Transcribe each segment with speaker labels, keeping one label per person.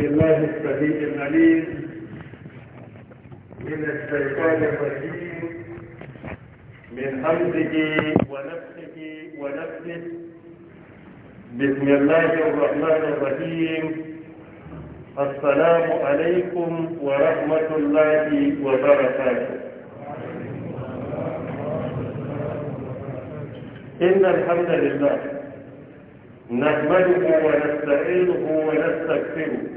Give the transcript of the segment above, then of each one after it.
Speaker 1: الله السميع العليم من الشيطان الرجيم من حمده ونفسه ونفسه بسم الله الرحمن الرحيم السلام عليكم ورحمة الله وبركاته إن الحمد لله نحمده ونستعينه ونستغفره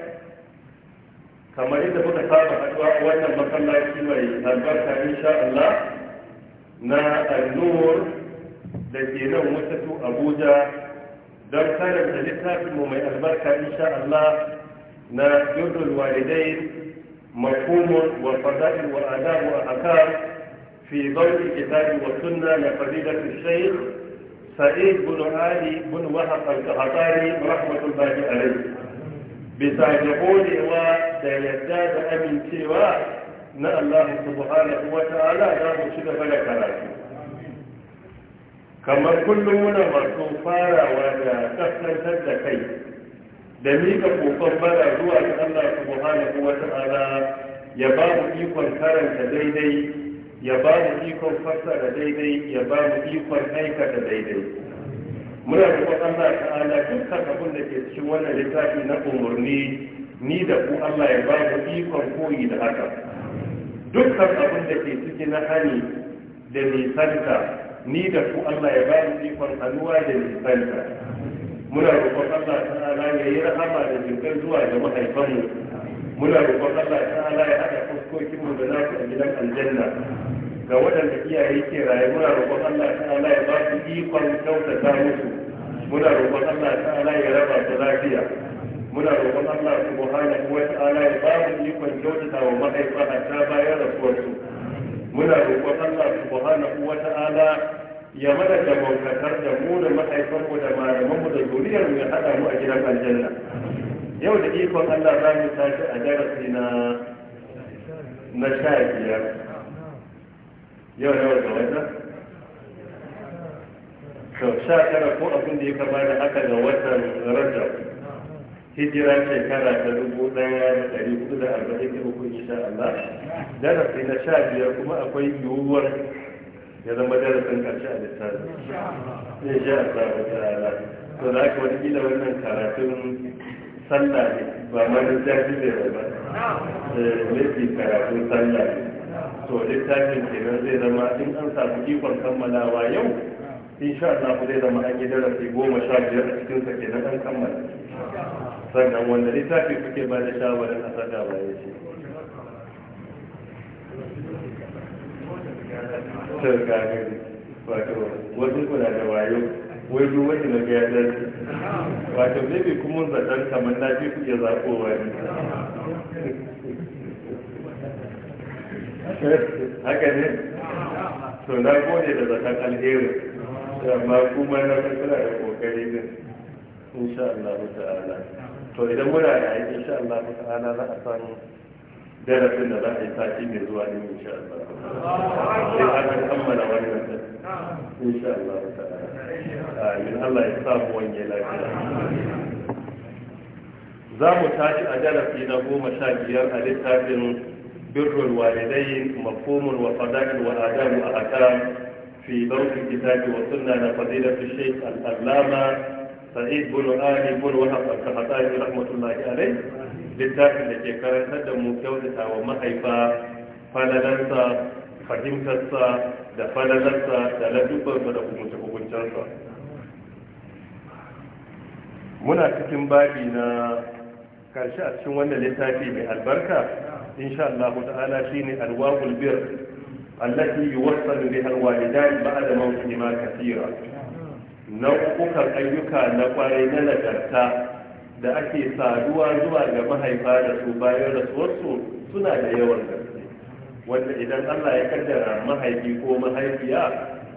Speaker 1: kamar yadda muka saba haɗuwa a wannan masallaci mai albarka insha Allah na annur da ke nan wasatu Abuja don da littafin mu mai albarka insha Allah na jodul walidai mafhumun wa fada'il wa adabu a hakam fi bauri kitabi wa sunna na fadilatu shaykh sa'id bin ali bin wahab al-qahtari rahmatullahi alayhi bisa ga da yadda da amincewa na Allah subhanahu wa ta'ala za mu ci gaba da karatu kamar kullum muna masu farawa da kaskantar da kai da mika kofar bara zuwa ga Allah subhanahu wa ta'ala ya ba mu ikon karanta daidai ya ba mu ikon fassara daidai ya ba mu ikon aikata daidai muna da kwasan Allah ta ala dukkan abin da ke cikin wannan littafi na umarni ni da ku Allah ya ba ku ikon koyi da haka dukkan abin da ke ciki na hani da nisanta ni da ku Allah ya ba ku ikon hannuwa da nisanta muna roƙon Allah ta'ala ya yi rahama da jinkan zuwa ga mahaifanmu muna roƙon Allah ta'ala ya haɗa fuskokinmu da nasu a gidan aljanna ga waɗanda iyaye ke raye muna roƙon Allah ta'ala ya ba su ikon kyautata musu muna roƙon Allah ta'ala ya raba su lafiya muna roƙon Allah subhanahu wa ta'ala ya ba su ikon kyautata wa mahaifa ta bayan rasuwar su muna roƙon Allah subhanahu wa ta'ala ya mana da baukatar da mu da mahaifan mu da malaman mu da zuriyar mu ya hada mu a gidan aljanna yau da ikon Allah za mu tashi a darasi na na sha biyar yau yau da wata to sha tara ko abin da ya kama da haka ga watan rajab hijira shekara ta dubu daya da dari hudu da arba'in da uku insha Allah darasi na sha biyar kuma akwai yiwuwar ya zama darasin karshe a littafin insha Allah ta'ala to da aka wani gina wannan karatun sallah ne ba ma da jafi da ba ne eh, karatun sallah ne to littafin kenan zai zama in an samu ikon kammalawa yau in sha Allah zai zama an yi darasi goma sha biyar a cikin sa kenan an kammala sannan wanda littafin kuke ba da shawarar a saka ba ya
Speaker 2: ce wato wasu kuna da wayo wai duk
Speaker 1: wani na ga yadda wato zai bi kuma zaton kamar na fi kuke zaƙowa ne
Speaker 2: haka
Speaker 1: ne to na gode da zakan alheri amma kuma na kankana da kokari din insha Allah ta'ala to idan muna da yi, insha Allah ta'ala za a samu darasin da za a yi sati mai zuwa ne insha Allah sai an kammala wannan din insha Allah ta'ala amin Allah ya sa mu wanye lafiya za mu tashi a darasi na goma sha biyar a littafin بر الوالدين مفهوم وفضائل وآداب وأحكام في ضوء الكتاب والسنة لفضيلة الشيخ العلامة سعيد بن آل بن وهب القحطاني رحمة الله عليه littafin da ke karantar da mu kyautata wa mahaifa falalarsa fahimtarsa da falalarsa da ladubarsa da hukunce muna cikin babi na karshe a cikin wannan littafi mai albarka insha Allah ta'ala shine alwaqul bir allati yuwassalu biha alwalidan ba'da mawtihima kathira nau'ukan ayyuka na kwarai na nagarta da ake saduwa zuwa ga mahaifa da su bayan rasuwarsu suna da yawan gaske wanda idan Allah ya kaddara mahaifi ko mahaifiya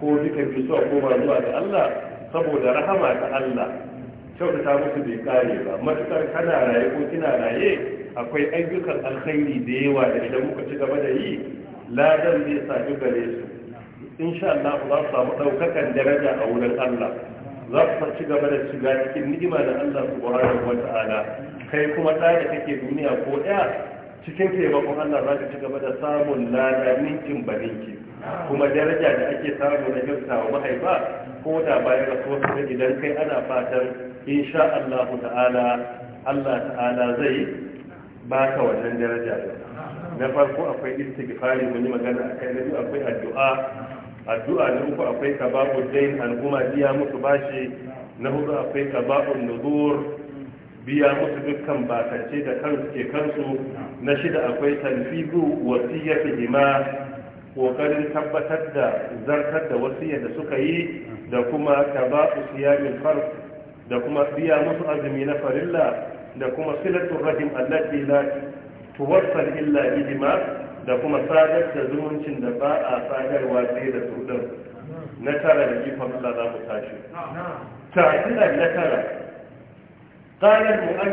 Speaker 1: ko duka biyu suwa koma zuwa ga Allah saboda rahama ta Allah kyautata musu bai kare ba matukar kana raye ko kina raye akwai ayyukan alkhairi da yawa da idan muka ci gaba da yi ladan zai sami gare su insha Allah za su samu daukakan daraja a wurin Allah za su ci gaba da shiga cikin ni'ima da Allah subhanahu wata'ala kai kuma da da kake duniya ko ɗaya cikin taimakon Allah za ka ci gaba da samun ladan ninkin barinki. kuma daraja da ake samu na hirta wa mahaifa ko da bayan rasuwarsa idan kai ana fatan insha Allah ta'ala Allah ta'ala zai baka wannan daraja na farko akwai istighfari mun yi magana akai na biyu akwai addu'a addu'a na uku akwai kababu dain al'umma biya musu bashi na hudu akwai kababun nuzur biya musu dukkan bakance da kansu ke kansu na shida akwai tanfidu wasiyyatihima kokarin tabbatar da zartar da wasiyar da suka yi da kuma tabaqu siyamin farz da kuma biya musu azumi na farilla da kuma silatul rahim allati la tuwassal illa bihima da kuma sadar da zumuncin da ba a sadarwa sai da su din na tara da jifan Allah za mu tashi ta'ala na tara qala al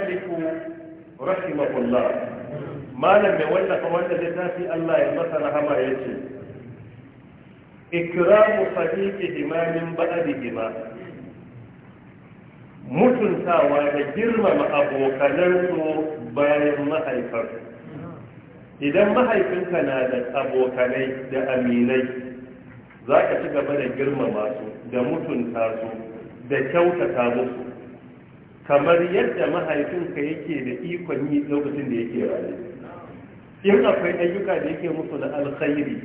Speaker 1: rahimahullah malam mai wallafa wanda littafi Allah ya masa rahama yace ikramu sadiqi imamin gima. mutuntawa da girmama abokanansu bayan mahaifar idan mahaifinka na da abokanai da aminai za ka ci gaba da girmama su da mutunta su da kyautata musu kamar yadda mahaifinka yake da ikon yi lokacin da yake rayu in akwai ayyuka da yake musu na alkhairi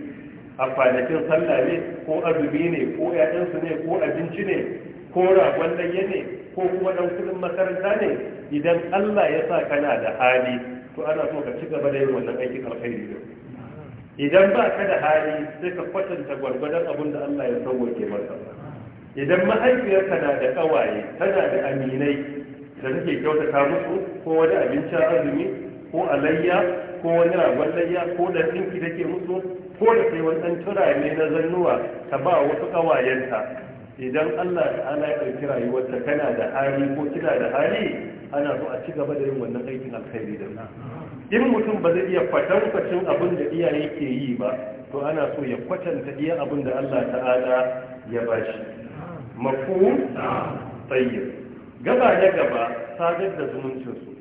Speaker 1: a kwanakin sallah ne ko azumi ne ko ‘ya'yansu ne ko abinci ne ko ragon layya ne ko kuma ɗan kudin makaranta ne idan Allah ya sa kana da hali to ana so ka ci gaba da yin wannan aikin alkhairi ne idan ba ka da hali sai ka kwatanta gwargwadon abin da Allah ya ke maka idan mahaifiyarka na da ƙawaye tana da aminai da kake kyautata musu ko wani abincin azumi ko alayya ko wani ragon layya ko da ɗinki take musu ko da kai wani ɗan turare na zannuwa ta ba wasu ƙawayenta idan Allah ta'ala ya ɗauki rayuwarta kana da hali ko kina da hali ana so a ci gaba da yin wannan aikin alkhairi da in mutum ba zai iya kwatankwacin abin da iyaye ke yi ba to ana so ya kwatanta iya abin da Allah ta'ala ya bashi mafhum tayyib gaba da gaba sadar da zumuncinsu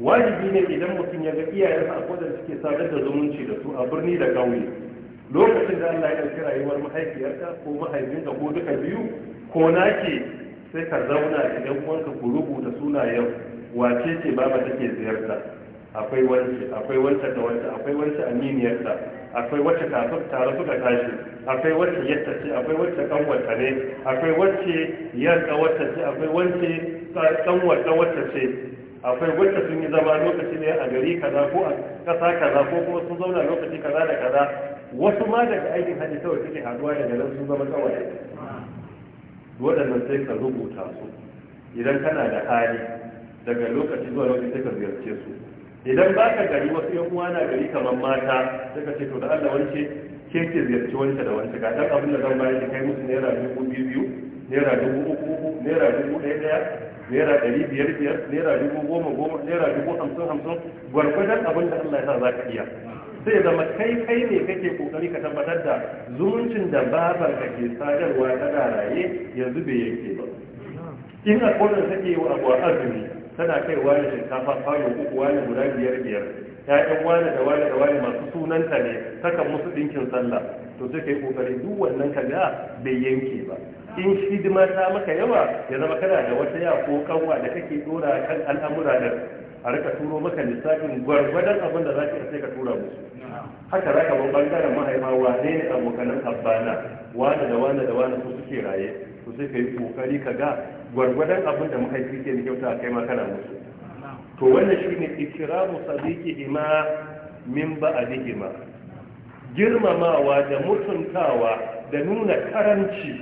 Speaker 1: wajibi ne idan mutum ya ga iyayensa a kodar suke sadar da zumunci da su a birni da ƙauye lokacin da Allah ya ɗauki rayuwar mahaifiyarka ko mahaifinka ko duka biyu ko nake sai ka zauna da ɗan uwanka ku rubuta sunayen wace ce baba take ziyarta akwai wance akwai wance da wance akwai wance aminiyarta akwai wacce tare suka tashi akwai wacce yadda ce akwai wacce kanwata ne akwai wacce ya kawata ce akwai wacce kanwata wacce ce akwai wacce sun yi zama lokaci ne a gari kaza ko a kasa kaza ko kuma sun zauna lokaci kaza da kaza wasu ma daga aikin hajji kawai suke haduwa da nan sun zama kawai waɗannan sai ka rubuta su idan kana da hali daga lokaci zuwa lokaci sai ka ziyarce su idan ba ka gari wasu yan uwa na gari kamar mata suka ce to da Allah wance ke ke ziyarci wance da wance ga dan abin da zan bayar da kai musu naira dubu biyu biyu naira dubu uku uku naira dubu ɗaya ɗaya naira ɗari biyar biyar naira dubu goma goma naira dubu hamsin hamsin gwargwadon abin da Allah ya sa za ka iya zai zama kai kai ne kake kokari ka tabbatar da zumuncin da babar ka ke sadarwa ta raye yanzu bai yanke ba in a kodin take wa abu azumi tana kai wani shinkafa falo uku wani guda biyar biyar ya'yan wani da wani da wani masu sunanta ne takan musu ɗinkin sallah to sai kai kokari duk wannan ka bai yanke ba in hidima ta maka yawa ya zama kana da wata ya ko kanwa da kake dora kan al'amura da a rika turo maka lissafin gwargwadon abin da za ka sai ka tura musu haka za ka bangaren mahaifa wane ne abokanan abbana wane da wane da wane su suke raye to sai ka yi kokari ka ga gwargwadon abin da mahaifi ke kyauta kai ma kana musu to wannan shine ikiramu sadiqi ima min ba'dihi ma girmamawa da mutuntawa da nuna karanci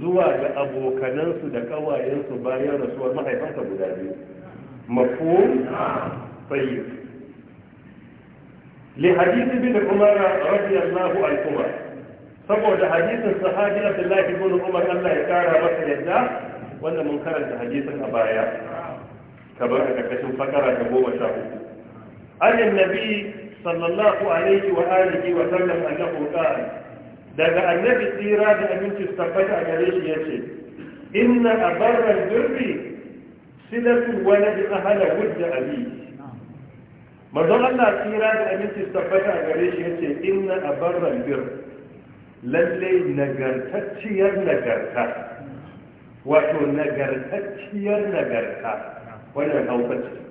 Speaker 1: zuwa ga abokanansu da kawayensu bayan rasuwar mahaifansa guda biyu mafhum tayyib li hadith ibn umar radiyallahu anhu saboda hadisin sahabi Abdullahi ibn Umar Allah ya kara masa yadda wanda mun karanta hadisin a baya kamar a karkashin fakara ta goma sha uku an nabi sallallahu alaihi wa alihi wa sallam annahu qala daga annabi tsira da aminci tabbata a gare shi yace inna abarra birri silatu waladi ahala wudda abi manzon Allah tsira da aminci tabbata a gare shi yace inna abarra birri lallai nagartacciyar nagarta wato nagartacciyar nagarta wannan haukaci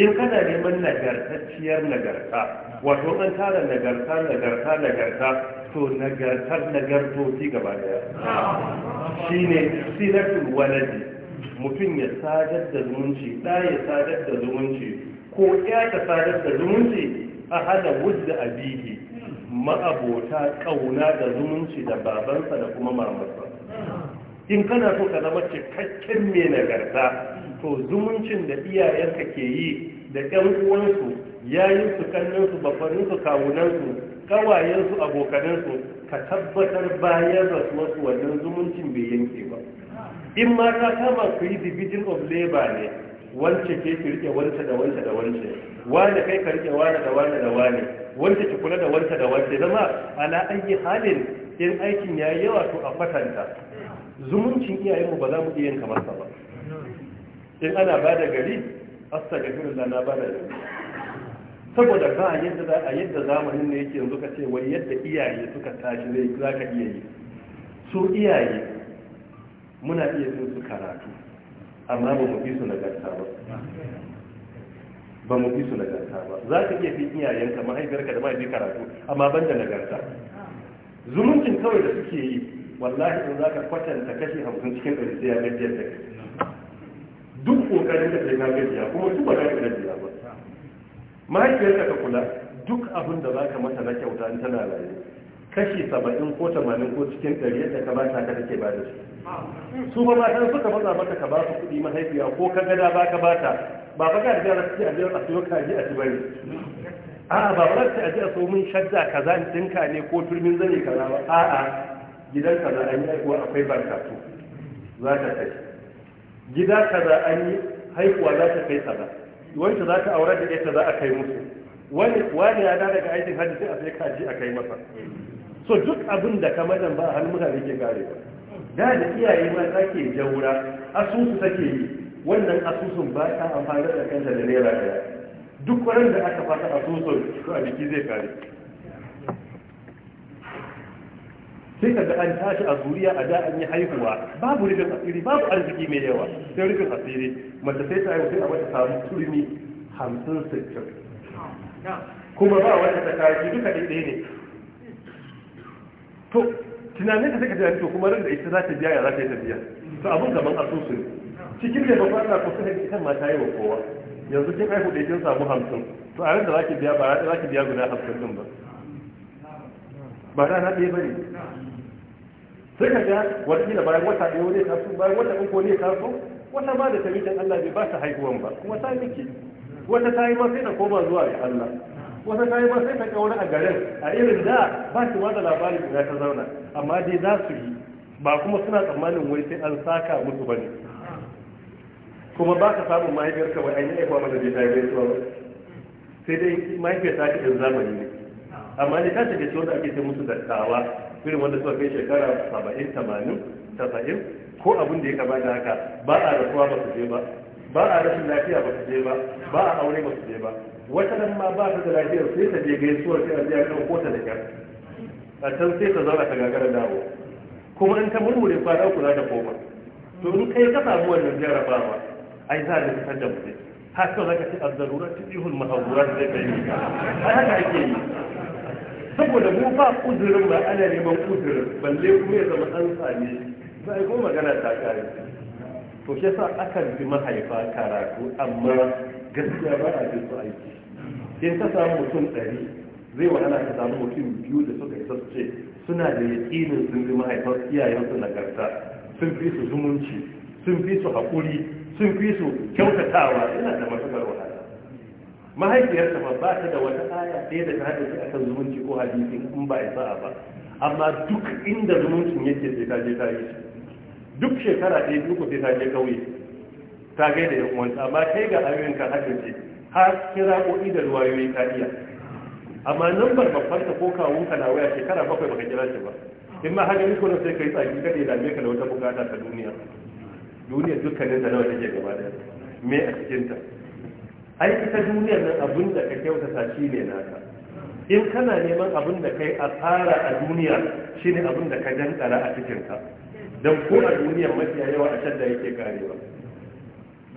Speaker 1: in kana neman nagartacciyar nagarta wato an tara nagarta nagarta nagarta to nagartar nagartoci gaba daya shi ne siratul waladi mutum ya sadar da zumunci ɗa ya sadar da zumunci ko ya ta sadar da zumunci a hada wujda abihi ma'abota kauna da zumunci da babansa da kuma mamarsa in kana so ka zama cikakken mai nagarta to zumuncin da iyayenka ke yi da ƴan uwansu yayin su su, babbanin su kawunan su, su, abokanin su, ka tabbatar bayan rasuwarsu wannan zumuncin bai yanke ba in ma ta kama ku yi division of labor ne wance ke ki rike wance da wance da wance wane kai ka rike wane da wane da wane wanda ki kula da wanda da wanda zama ana aiki halin in aikin yi yawa to a kwatanta. zumuncin iyayenmu ba za mu iya yin kamar sa ba in ana ba da gari astagfirullah na ba da gari saboda ba a yadda zamanin ne yake yanzu ka ce wai yadda iyaye suka tashi ne za ka iya yi su iyaye muna iya yin su karatu amma ba mu bi su nagarta ba ba mu fi su nagarta ba za ka iya fi iyayenka mahaifiyarka da mahaifi karatu amma ban da nagarta zumuncin kawai da suke yi wallahi in za ka kwatanta kashi hamsin cikin ɗari sai ya gajiyar da kai duk ƙoƙarin da sai ka gajiya kuma duk ba za ka gajiya ba mahaifiyarka ka kula duk abin da za ka mata na kyauta in tana rayu kashi saba'in ko tamanin ko cikin ɗari yadda ka ba ta ka take ba da shi su ba matan suka matsa maka ka ba su kuɗi mahaifiya ko ka gada ba ka ba ta ba ba ka da suke a biyar a siyo kaji a ci a a'a ba ba ta aje a so mun shadda kaza dinka ne ko turmin zane kaza ba a'a gidan kaza an yi aikuwa akwai barkatu za ta kai gida kaza an yi haihuwa za ta kai kaza wanda za ta aure da ita za a kai musu wani ya da daga aikin hajji sai a sai kaji a kai masa so duk abin da ka madan ba hannun mutane ke gare ba da da iyaye ma ke jaura asusu take yi wannan asusun ba ta amfani da kanta da naira daya duk wurin da aka fata asusun ko a jiki zai kare sai ka ga an tashi a zuriya a da an yi haihuwa babu rufin asiri babu arziki mai yawa sai rufin asiri mace sai ta haihu sai a wata samu turmi hamsin sittin kuma ba wata ta kashi duka ɗaiɗai ne to tunanin da take tunani to kuma ran da ita za ta biya ya za ta yi tafiya to abin gaban asusu ne cikin da babban Allah ko sai ita ma ta yi wa kowa yanzu kin haihu da kin samu 50 to a ran da zaki biya ba za ki biya guda 50 din ba ba na ɗaya bane sai ka ga wata bayan wata ɗaya wani taso bayan wata uku ne taso wata ba da tamitin Allah bai ba ta haihuwan ba kuma ta miki wata ta yi ma sai na koma zuwa ga Allah wata kayan ba sai ka kawo a garin a irin da ba ki wada labari da ta zauna amma dai za su yi ba kuma suna tsammanin wai sai an saka musu ba ne kuma ba ka samun mahaifiyarka ba ainihin aikwa mata da ta yi ba sai dai mahaifiyar ta ta zamani ne amma ne ta shiga cikin wanda ake ce musu dattawa irin wanda suka kai shekara saba'in tamanin tasa'in ko abin da ya kama da haka ba a rasuwa ba su je ba ba a rashin lafiya ba su je ba ba a aure ba su je ba wata nan ma ba ta da lafiyar sai ta je gaisuwar sai a je a ɗauko ta da kyar a can sai ta zauna ta gagara dawo kuma in ta murmure kwana kula da koma to in kai ka samu wannan jarabawa ai za da fitar da mutum haka ka ci azzarura ci ihul mahawura da zai kai ka ai haka ake yi saboda mu ba uzurin ba ana neman uzurin balle kuma ya zama an same ba ai kuma magana ta kare to shi yasa aka bi mahaifa karatu amma gaskiya ba a jin su aiki in ka samu mutum ɗari zai wahala ka samu mutum biyu da suka isa su ce suna da yaƙinin sun bi mahaifar iyayensu nagarta sun fi su zumunci sun fi su haƙuri sun fi su kyautatawa yana da matuƙar wahala mahaifiyarsa ba ba ta da wata aya ɗaya da ta haɗe shi akan zumunci ko hadisi in ba a sa'a ba amma duk inda zumuncin yake sai ta je ta yi duk shekara ɗaya duk sai ta je ƙauye ta gaida yan uwanta amma kai ga ayyukan haka ce ka kira ƙoƙi da ruwayoyi ka iya amma nan bar babban ta ko kawun ka na waya shekara bakwai baka kira shi ba in ma hajji ko sai kai tsaki kada ya dame ka da wata bukata ta duniya duniya dukkanin ta nawa take gaba daya me a cikin ta ai ita duniyar nan abin da ka kyautata shi ne naka in kana neman abin da kai asara a duniya shine abin da ka dankara a cikin ka dan ko a duniyar mafiya yawa a da yake karewa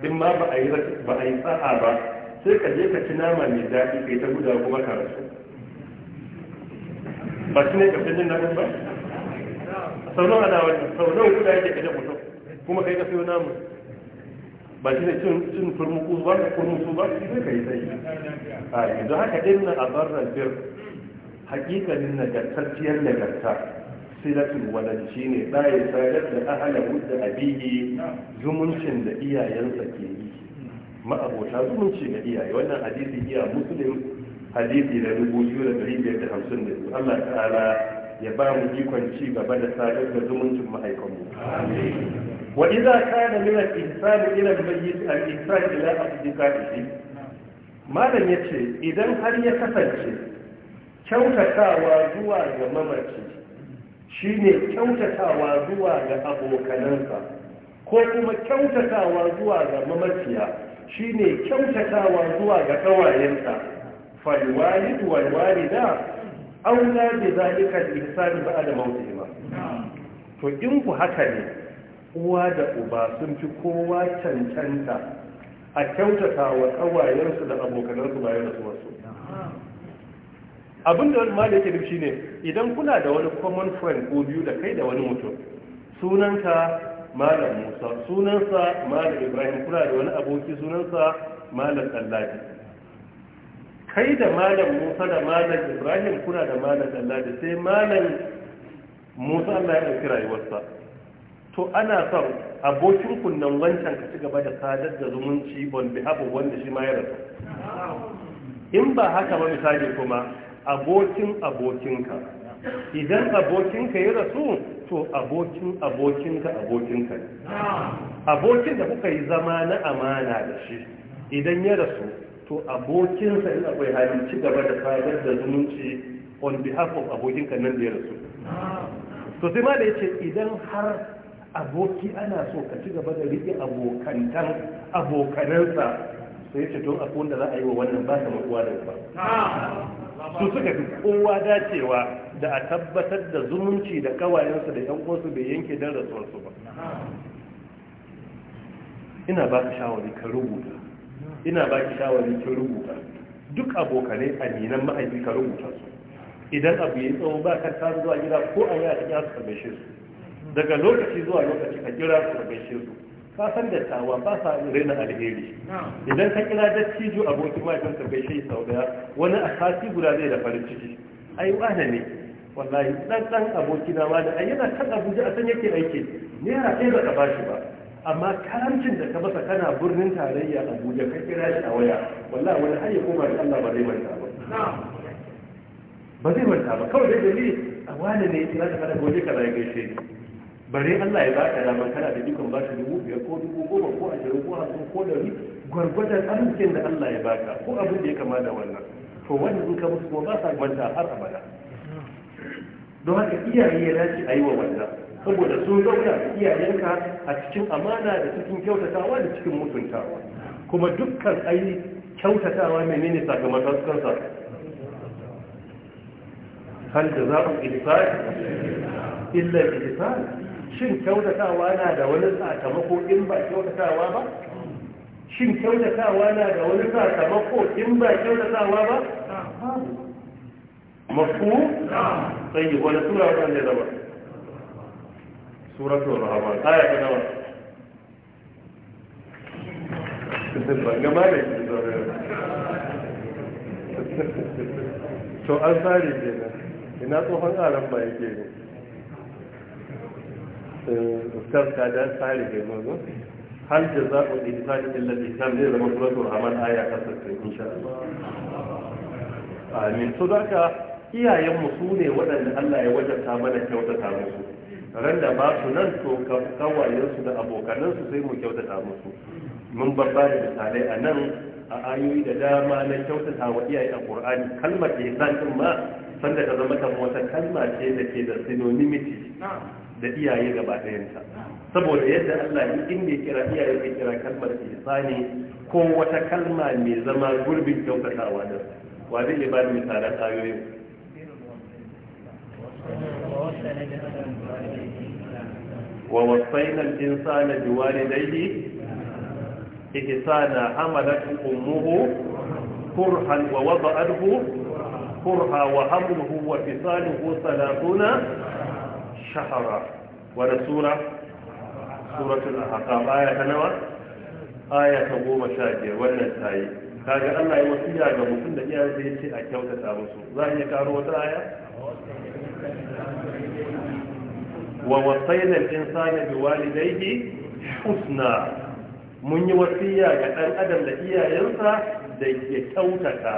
Speaker 1: in ma ba a yi sa'a ba sai ka je ka ci nama mai daɗi kai ta guda kuma ka rasu ba shi ne ka fi jin ba sau sauran na wannan sau nawa guda yake kaje mutum kuma kai ka fiyo namu ba shi ne cin turmuku ba ka turmuku ba sai ka yi sai a yanzu haka inna abarra bir haƙiƙanin nagartacciyar nagarta silatul walanci ne ɗaya sadar da ahalahu da abihi zumuncin da iyayensa ke yi ma'abota zumunci ga iyaye wannan hadisi iya muslim hadisi da dubu biyu da dari biyar da hamsin da biyu allah ta'ala ya ba mu ikon ci gaba da sadar da zumuncin mahaifanmu wa idza kana min al-ihsan ila al-mayyit al-ihsan ila asdiqaihi malam yace idan har ya kasance kyautatawa zuwa ga mamaci shine kyautatawa zuwa ga abokanansa ko kuma kyautatawa zuwa ga mamaciya shine kyautatawa zuwa ga kawayensa falwalid auna aula bi zalika ba da ba'da ba. to in ku haka ne uwa da uba sun fi kowa cancanta a kyautatawa kawayensu da abokanansu bayan rasuwarsu abin da ma da yake shi ne idan kuna da wani common friend ko biyu da kai da wani mutum sunanka malam musa sunansa malam ibrahim kuna da wani aboki sunansa malam tsallabi kai da malam musa da malam ibrahim kuna da malam tsallabi sai malam musa allah ya ɗauki rayuwarsa to ana son abokin kunnan wancan ka ci gaba da sadar da zumunci on behalf wanda shi ma ya rasu in ba haka ba misali kuma abokin abokinka idan abokinka ya rasu to abokin abokinka abokinka abokin da kuka yi zama na amana da shi idan ya rasu to abokinsa in akwai halin ci gaba da fadar da zumunci on behalf of abokinka nan da ya rasu to sai ma da ya idan har aboki ana so ka ci gaba da riƙe abokantan abokanansa sai ce don akwai wanda za a yi wa wannan ba ta makuwa da ba su suka fi kowa dacewa da a tabbatar da zumunci da kawayensu da yan uwansu bai yanke dan rasuwarsu ba ina ba ka shawari ka rubuta ina ba ki shawari ki rubuta duk abokanai ninan mahaifi ka rubuta su idan abu ya tsawo ba ka ta zuwa gida ko a yi a su karbashe su daga lokaci zuwa lokaci ka kira su karbashe su ka san da tawa ba sa raina alheri idan ka kira dattijo abokin mahaifin karbashe sau daya wani a sati guda zai da farin ciki ai wane ne wallahi dan dan aboki na wani ai yana kan abuja a san yake aiki naira kai ba ka bashi ba amma karancin da ka basa kana birnin tarayya abuja ka kira shi a waya wallahi wani har ya koma da allah ba zai manta ba ba zai manta ba kawai dai dalili a wani ne ya ta kada gobe ka ya gaishe ni bare allah ya baka dama kana da dukan bashi dubu biyar ko dubu goma ko ashirin ko hamsin ko dari gwargwadon arzikin da allah ya baka ko abin da ya kama da wannan to wannan in ka musu kuma ba sa manta har abada don haka iyaye ya dace a yi wa wanda saboda sun zauna iyayenka a cikin amana da cikin kyautatawa da cikin mutuntawa kuma dukkan ai kyautatawa mai menene sakamakon kansa hal da ku ihsan illa ihsan shin kyautatawa na da wani sakamako in ba kyautatawa ba shin kyautatawa na da wani sakamako in ba kyautatawa ba مفهوم طيب ولا سورة ولا دواء سورة ولا دواء آية ولا دواء جمالي شو أزاري جينا هنا طوحن عالم ما يجينا أستاذ كادان سعلي جينا هل جزاء الإنسان إلا الإنسان لذا مصرة الرحمن آية قصرت إن شاء الله آمين صدقة iyayenmu su ne waɗanda Allah ya wajabta mana kyautata musu ran da ba su nan to kawayensu da abokanansu sai mu kyautata musu mun babba da misalai a nan a ayoyi da dama na kyautata wa iyaye a Qur'ani kalmar ihsan din ma sanda ta zama kan wata kalma ce da ke da synonymity da iyaye gaba ɗayanta saboda yadda Allah ya inda ya kira iyaye ya kira kalmar ihsani ko wata kalma mai zama gurbin kyautatawa da wa zai ba misalan ayoyin ووصينا الإنسان بوالديه إحسانا حملت أمه كرها ووضعته كرها وحمله وفصاله ثلاثون شهرا ونسورة سورة الأحقاب آية نوى آية تقوم شاكر والنسائي kaga Allah ya wasiya ga mutum da iyayen da yace a kyautata musu za a iya karo wata aya wa wasaina بوالديه حسنا من husna mun yi wasiya ga ɗan adam da iyayensa da ya kyautata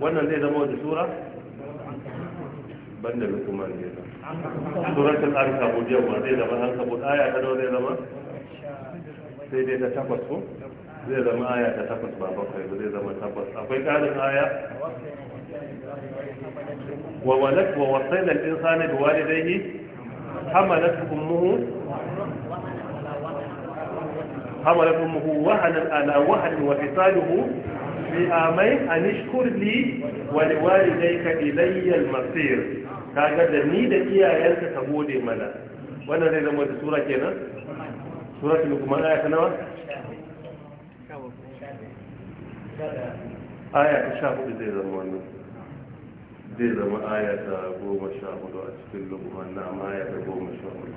Speaker 1: wannan zai zama wata sura banda lukman ne suratul ankabut yawa zai zama ankabut aya ta zai zama sai dai ta takwas ko zai zama aya ta takwas ba bakwai ba zai zama takwas akwai ƙarin aya wa wa حملت أمه حملت أمه وهنا على وهن وفصاله في آمين أن يشكر لي ولوالديك إلي المصير كأجد نيدة إيا ينسى تبود ملا وانا زي ما قلت سورة كينا سورة لكمان آية كنوة آية كشافة زي زمو دي zai zama ayata goma sha hudu a cikin lubuwan na amma aya goma sha hudu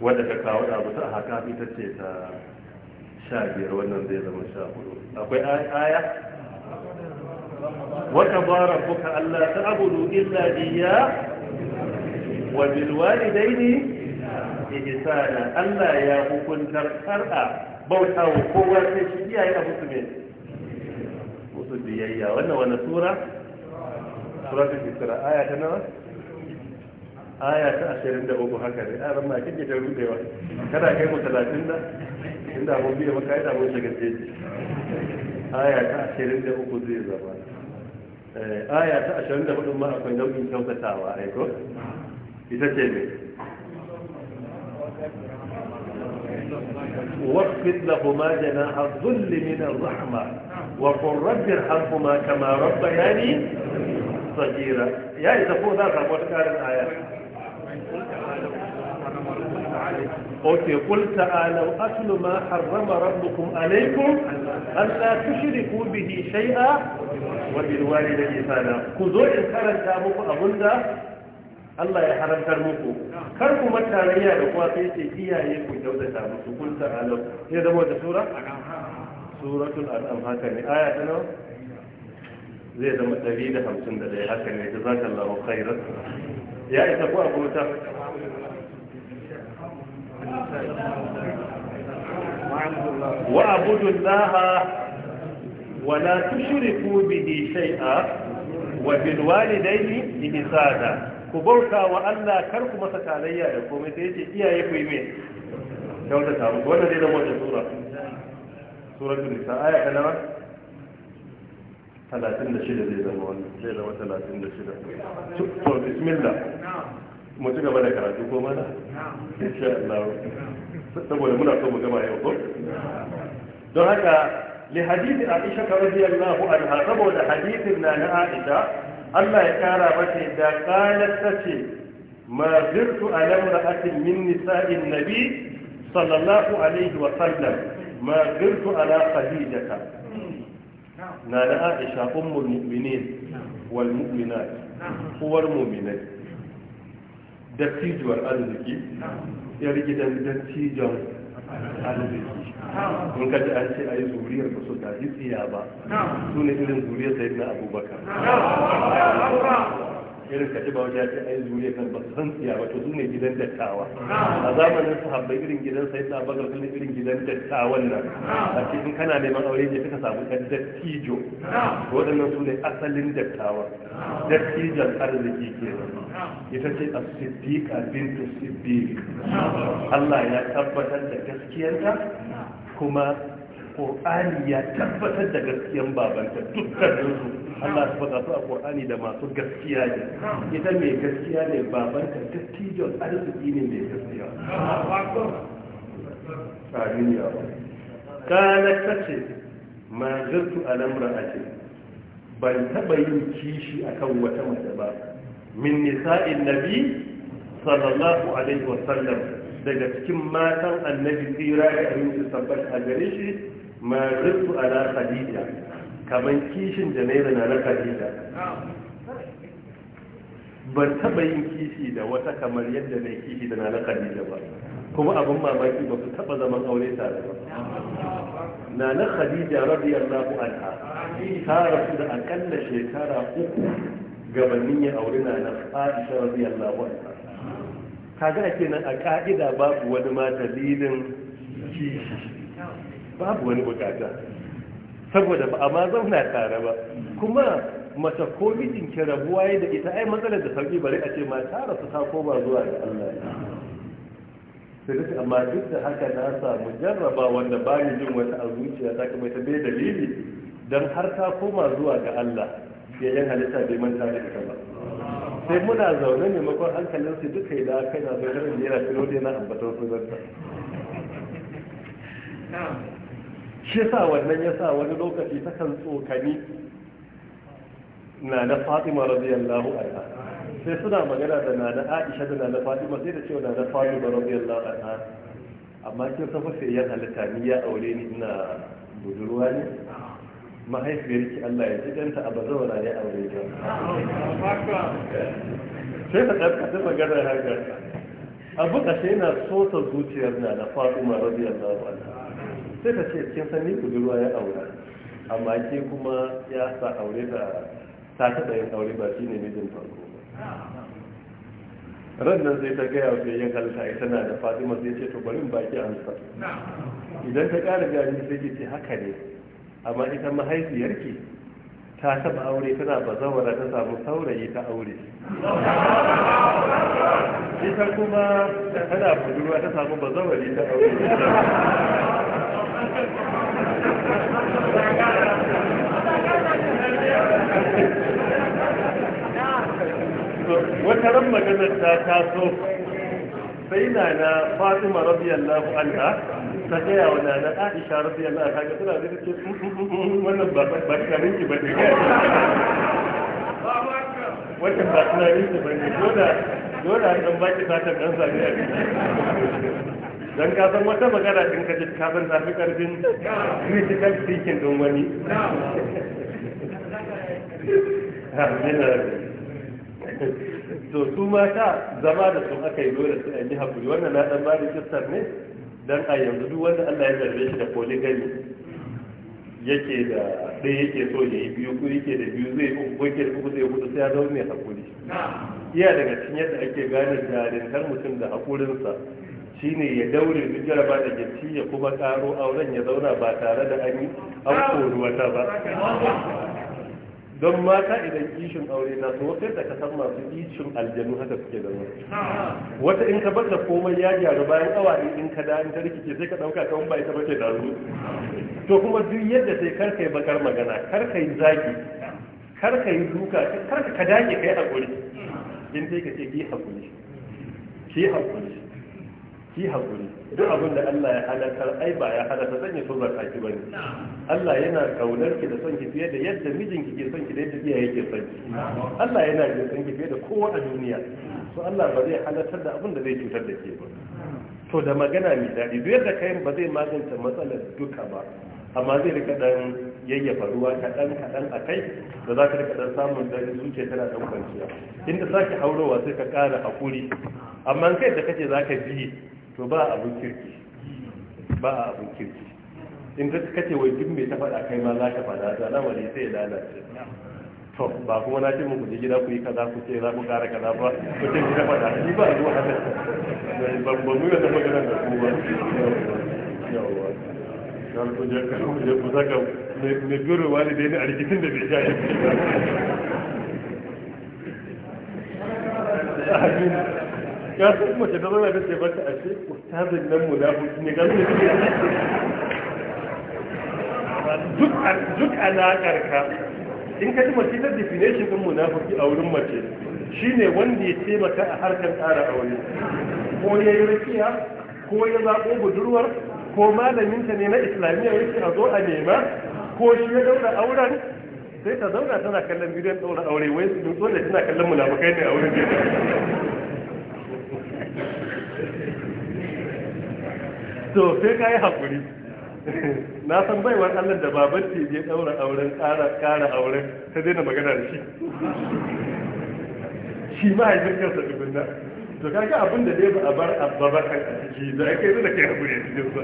Speaker 1: wadda ka kawo da abu ta haka ita ce ta sha biyar wannan zai zama sha hudu akwai aya wata bara kuka Allah ta abudu illa biya wa bilwalidaini ihsana Allah ya hukuntar kar'a bauta wa kowa sai shi iyaye abu musu mai. musu biyayya wannan wani sura suratul isra aya ta nawa aya ta ashirin da uku haka ne a ramma kin da rubewa kada kai mu talatin da inda mun biya maka ida mun shiga jeji aya ta ashirin da uku zai zama aya ta ashirin da hudu ma akwai nau'in kyautatawa ai ko ita ce ne واخفض لهما جناح الظل من الرحمة وقل رب ارحمهما كما ربياني sagira ya isa ko za a samu wata karin aya اوكي قل تعالوا ku ما حرم ربكم عليكم الا تشركوا به شيئا وبالوالدين ku zo ان karanta muku abunda Allah ya haramtar muku kar ku matarayya da kuwa sai ce iyaye ku kyautata musu kul ta'alu sai da wata sura suratul an'am haka ne aya ta nawa zai zama ɗari da hamsin da ɗaya haka ne da zaka lamu khairar ya isa ko abu wuta wa abudu laha wa la tushriku bihi shay'a wa bil walidayni ihsana ku bauta wa Allah kar ku masa tarayya da komai sai yace iyaye ku yi me kyautata muku wannan zai zama da sura suratul nisa aya ta nawa talatin da shida zai zama wannan zai zama talatin da shida to bismillah mu ci gaba da karatu ko mana insha Allah saboda muna so mu gama yau ko don haka li hadisi Aisha radiyallahu anha saboda hadisin na na Aisha Allah ya kara mata da qalat tace ma zirtu ala imra'atin min nisa'in nabi sallallahu alaihi wa sallam ma zirtu ala khadijata na da aisha ummul mu'minin wal mu'minat uwar mu'minai dattijuwar arziki yar gidan dattijan arziki in ka ji an ce a yi zuriyar ba su gaji tsiya ba su ne irin zuriyar sayyidina abubakar irin ka ba wajen ta ai zuriya kan ba su san tsiya ba to sune gidan dattawa a zamanin su sahabbai irin gidan sai ba bakar kullun irin gidan dattawan nan a cikin kana neman aure ne suka samu kan dattijo waɗannan ne asalin dattawa dattijan arziki kenan ita ce a siddiqa bintu siddiq Allah ya tabbatar da gaskiyarta kuma ƙor'ani ya tabbatar da gaskiyan babanta dukkaninsu Allah su faɗa su a ƙor'ani da masu gaskiya ne idan mai gaskiya ne babanta dattijon arziki ne mai gaskiya amin ya ba kana ta ce ma zirtu alamra a ce ban taɓa yin kishi akan wata mace ba min nisa'in nabi sallallahu alaihi wasallam daga cikin matan annabi tsira da aminci tabbata a gare shi maritu ala khadija kaman kishin da na khadija ban taba yin kishi da wata kamar yadda na kishi da na khadija ba kuma abin mamaki ba su taba zaman aure tare ba na na khadija radiyallahu anha ta rasu da akalla shekara uku gabanin ya aure na na aisha radiyallahu anha kaga kenan a ka'ida babu wani ma dalilin kishi babu wani bukata saboda ba a ma zauna tare ba kuma mace ko mijin ki rabuwa da ita ai matsalar da sauki bari a ce ma ta rasu ta koma zuwa ga Allah sai amma duk da haka na samu jarraba wanda ba ni jin wata azuciya zuciya ta kuma ta bai dalili don har ta koma zuwa ga Allah ya yan halitta bai manta da ita ba sai muna zaune maimakon hankalin su duka yi da kai na zai da yana na da yana shi sa wannan ya sa wani lokaci ta kan tsokani na na fatima radiyallahu anha sai suna magana da na na aisha da na na fatima sai da cewa na na fatima radiyallahu anha amma kin san fa sai ya halitta ni ya aure ni ina budurwa ne mahaifiyar ki Allah ya ji danta a na ya aure ki sai ta ɗarka ta magana haka abu sai na so ta zuciyar na na fatima radiyallahu anha sai ta ce kin san ni budurwa ya aura amma ke kuma ya sa aure ta ta taɓa yin aure ba shi ne mijin farko
Speaker 2: ba
Speaker 1: ran nan sai ta gaya wa ya halitta ita na da fatima sai ce to bari baki amsa idan ta ƙara gani sai ki ce haka ne amma ita mahaifiyarki ta taɓa aure tana bazawara ta samu saurayi ta aure ita kuma tana budurwa ta samu bazawari ta aure
Speaker 2: wata
Speaker 1: ran maganar ta taso sai na na fatima radiyallahu anha ta gaya wa na na aisha radiyallahu anha ga suna da take wannan ba ba karin ki bane
Speaker 2: wata ba tunanin ki bane dole dole an baki fatan dan zane a
Speaker 1: don ka san wata magana din ka ka san ta karfin critical thinking don wani to su mata zama da sun aka yi dole su yi haƙuri wannan na ɗan bari kistar ne don a yanzu duk wanda Allah ya zarge shi da poligami yake da ɗaya yake so ya yi biyu ko yake da biyu zai uku ko yake da uku zai hudu sai ya zaune mai haƙuri iya daga cikin yadda ake gane jarintar mutum da haƙurinsa shine ya daure duk jaraba da gici ya kuma karo auren ya zauna ba tare da an yi an wata ba don mata idan kishin aure na so sai da ka san masu kishin aljanu haka suke da wata in ka da komai ya gyaru bayan awa in ka da in ta rikice sai ka dauka kan ba ita bace da to kuma duk yadda sai kar kai bakar magana kar kai zagi kar kai duka kar ka dage kai hakuri in sai ka ce ki hakuri ki hakuri fi hakuri duk abin da Allah ya halakar ai ba ya halaka zan yi so ba ki bane Allah yana kaunar ki da son ki fiye da yadda mijinki ke son ki da yadda iyaye ke son ki Allah yana da son ki fiye da kowa a duniya so Allah ba zai halartar da abin da zai cutar da ke ba to da magana mai daɗi duk yadda kai ba zai magance matsalar duka ba amma zai rika dan yayyafa ruwa kaɗan kaɗan a kai da za ka rika dan samun daɗin zuciya tana dan kwanciya inda sake haurowa sai ka kara hakuri amma kai da kake za ka bi to ba abin kirki ba abin kirki in ka kace wai duk mai ta faɗa kai ma za ka faɗa ta nan wani sai ya lalace to ba kuma na ce muku je gida ku yi kaza ku ce za ku ƙara kaza ba ku ce ku na faɗa ni ba zuwa haka ba ba mu yadda magana da ku ba yawwa ku je ku je ku saka biro wani da
Speaker 2: da bai sha ya
Speaker 1: san mace ta zama da ce bata a ce ustazin nan munafiki ne gasu
Speaker 2: duk duk alaƙar ka in ka ji
Speaker 1: mace ta definition din munafiki a wurin mace shine wanda ya taimaka a harkar tsara aure ko ya yi rakiya ko ya zaɓo budurwar ko malaminta ne na islamiyya yake a zo a nema ko shi ya daura auren sai ta zauna tana kallon bidiyon daura aure wai su dole tana kallon munafukai ne a wurin bidiyon
Speaker 2: to sai ka yi haƙuri
Speaker 1: na san bai wani allah da babar ce ɗaura auren ƙara auren ta daina magana da shi shi ma haifin kansa dubin na to kaga abin da dai ba a bar abba kan a ciki da ake yi da kai haƙuri a cikin sa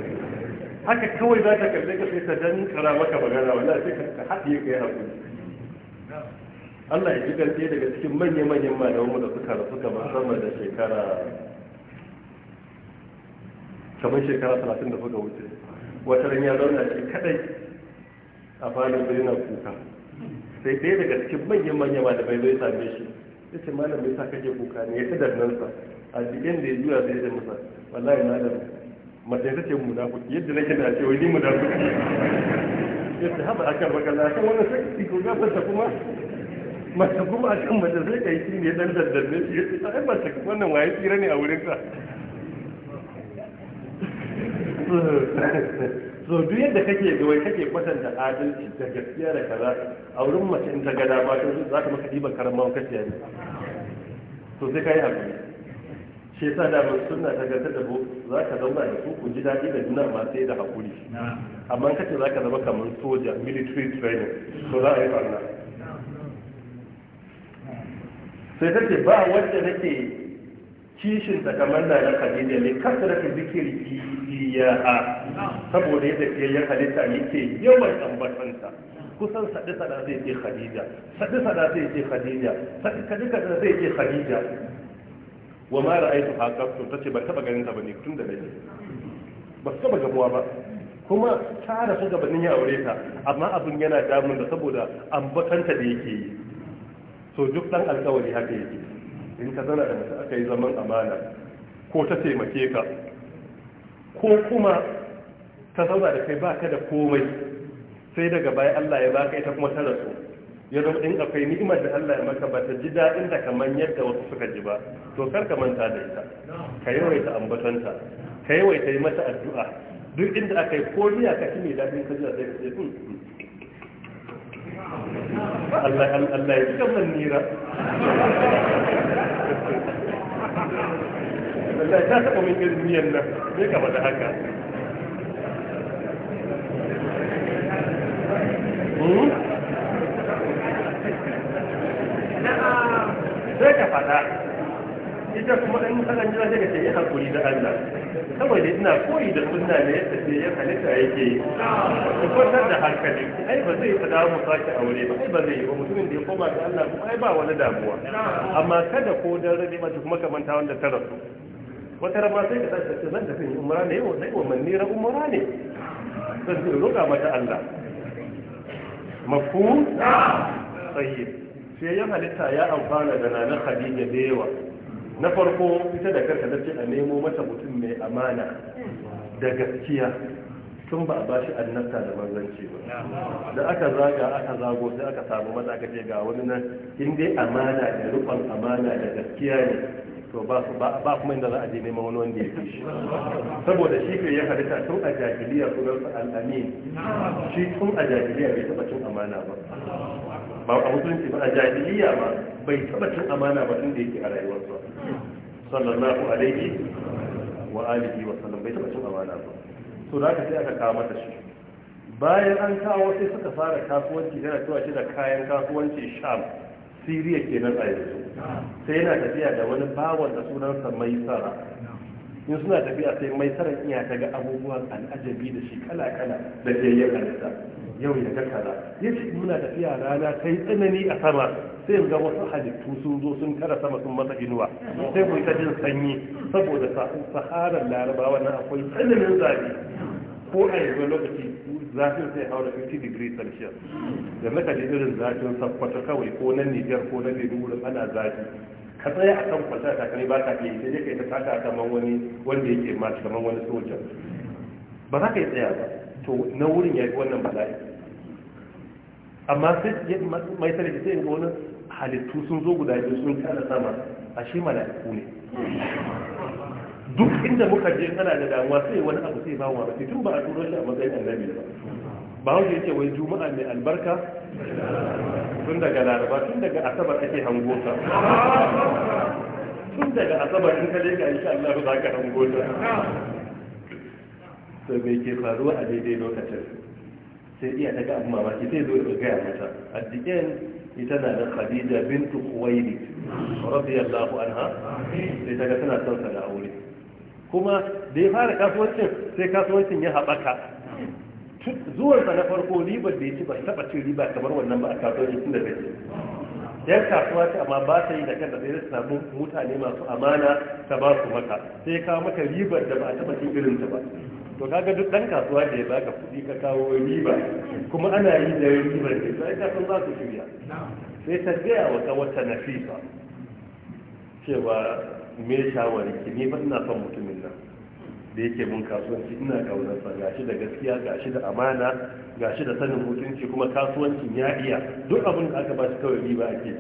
Speaker 1: haka kawai za ta kalle ka sai ta dan kara maka magana wallahi sai ka haɗiye ka yi haƙuri Allah ya ji ɗaya daga cikin manya-manyan malamanmu da suka rasu kamar sama da shekara kamar shekara talatin da suka wuce wata ran ya zauna shi kadai a da yana kuka sai ɗaya daga cikin manyan manya bai zai same shi ya ce malam bai sa kake kuka ne ya ta dannansa a jikin da ya zuwa zai da masa wallahi malam mace ta ce kuki. yadda nake da ce wai ni munafiki ya ce haɓa akan bakalla akan wannan sai ko ta kuma mace kuma akan mace sai yi shi ne dan daddanne shi ya ce ai mace wannan waye tsira ne a wurin sa so duk yadda kake gawai kake kwatanta adalci da gaskiya da kaza a wurin mace in ta gada ba ta za ta maka ɗiban karan mawan kaciya ne to sai kai abu shi yasa da mun suna ta gantar da bu za ka zauna da su ku ji daɗi da juna ma sai da haƙuri amma kace za ka zama kamar soja military training to za a yi barna sai ce ba wanda nake kishin ta kamar da na kadida ne kasar ka zikiri iyaha saboda yadda fiyayyar halitta ke yawan ambatansa kusan sadi sada zai ce khadija sadi sada zai ce khadija sadi kadi kada zai ce khadija wa ma ra'aytu haqaqtu tace ba taba ganin ta bane tun da nake ba taba gabuwa ba kuma ta su gabanin ya aure ta amma abun yana damun da saboda ambatanta da yake yi so duk dan alƙawari haka yake in ka zana da mutum aka yi zaman amana ko ta taimake ka ko kuma ta zauna da kai baka da komai sai daga baya Allah ya baka ita kuma ta rasu ya zama in akwai ni'imar da Allah ya maka ba ta ji daɗin da kamar yadda wasu suka ji ba to kar ka manta da ita ka yawaita ambatonta ka yawaita yi mata addu'a duk inda aka yi ko miya ka ci mai daɗin ka ji sai ka ce hmm,
Speaker 2: hmm. Allah Allah ya ji kamar
Speaker 1: nira Allah ta taɓa min duniyar nan sai kama da haka hmm? sai ka faɗa ita kuma ɗan sanar jira daga ka ce yi haƙuri da Allah saboda ina koyi da sunna ne yadda ce ya halitta yake yi ku kwantar da hankali ai ba zai fada mu sake aure ba ai ba zai yi ba mutumin da ya koma ga Allah kuma ai ba wani damuwa amma kada ko dan rabe mata kuma kamanta wanda ta rasu wata rama sai ka tashi ce zan tafi umara ne yau na manni mannira umara ne zan ce roƙa mata Allah mafu sai sai ya halitta ya amfana da nanar Khadija da yawa na farko ita da karka dace a nemo mata mutum mai amana da gaskiya tun ba a ba shi annabta da manzanci ba da aka zaga aka zago sai aka samu maza ga wani nan in dai amana da rufan amana da gaskiya ne to ba kuma inda za a je neman wani wanda ya fi shi saboda shi ke ya halitta tun a jahiliya sunansa al'amin shi tun a jahiliya bai taɓa cin amana ba ba a mutunci ba a jahiliya ba bai taɓa cin amana ba tun da yake a rayuwarsa sallallahu alaihi wa alihi wa sallam bai taɓa cin amana ba to da ka sai aka kawo mata shi bayan an kawo sai suka fara kasuwanci yana cewa shi da kayan kasuwanci sham siriya kenan a yanzu sai yana tafiya da wani bawon da sunansa mai tsara in suna tafiya sai mai maisaran iya ta ga abubuwan al'ajabi da shi kala kala da a halitta yau ya ga kaza ya ce muna tafiya rana ta yi tsanani a sama sai ga wasu halittu sun zo sun kara sama sun masa inuwa sai kuwa jin sanyi saboda saharar larabawa na akwai tsananin zafi ko a yanzu lokaci zafin sai haura 50 degree celsius da maka ji irin zafin sabbata kawai ko na nijar ko na wurin ana zafi ka tsaya a kan kwata ta kai ba ka iya sai dai kai ta taka kamar wani wanda yake ma kamar wani soja. ba za ka yi tsaya ba to na wurin ya fi wannan bala'i amma sai mai sarki sai ga wani halittu sun zo guda biyu sun kana sama shi mala'iku ne duk inda muka je kana da damuwa sai wani abu sai ba wa tun ba a turo shi a matsayin annabi ba ba wanda yake wai juma'a mai albarka tun daga laraba tun daga asabar ake hango ta tun daga asabar in ka je ga insha Allah za ka hango ta to me ke faruwa a daidai lokacin sai iya daga abu mamaki sai zo ga ya mata at the end ita na da khadija bintu kuwaili radiyallahu anha sai ta ga tana son sa da aure kuma da ya fara kasuwancin sai kasuwancin ya haɓaka sa na farko ribar da ya ci ba taɓa cin riba kamar wannan ba a kasuwancin tun da bai yan kasuwa ce amma ba ta yi da kanta sai su samu mutane masu amana ta ba su maka sai kawo maka ribar da ba a taɓa cin irin ta ba to kaga duk dan kasuwa da ya baka kuɗi ka kawo riba kuma ana yi da ribar ne sai ka san za su shirya sai ta gaya wa kawata nafisa cewa me shawararki ni ba ina son mutumin nan da yake mun kasuwanci ina kaunarsa gashi da gaskiya gashi da amana gashi da sanin mutunci kuma kasuwancin ya iya duk abin da aka ba shi kawai riba ake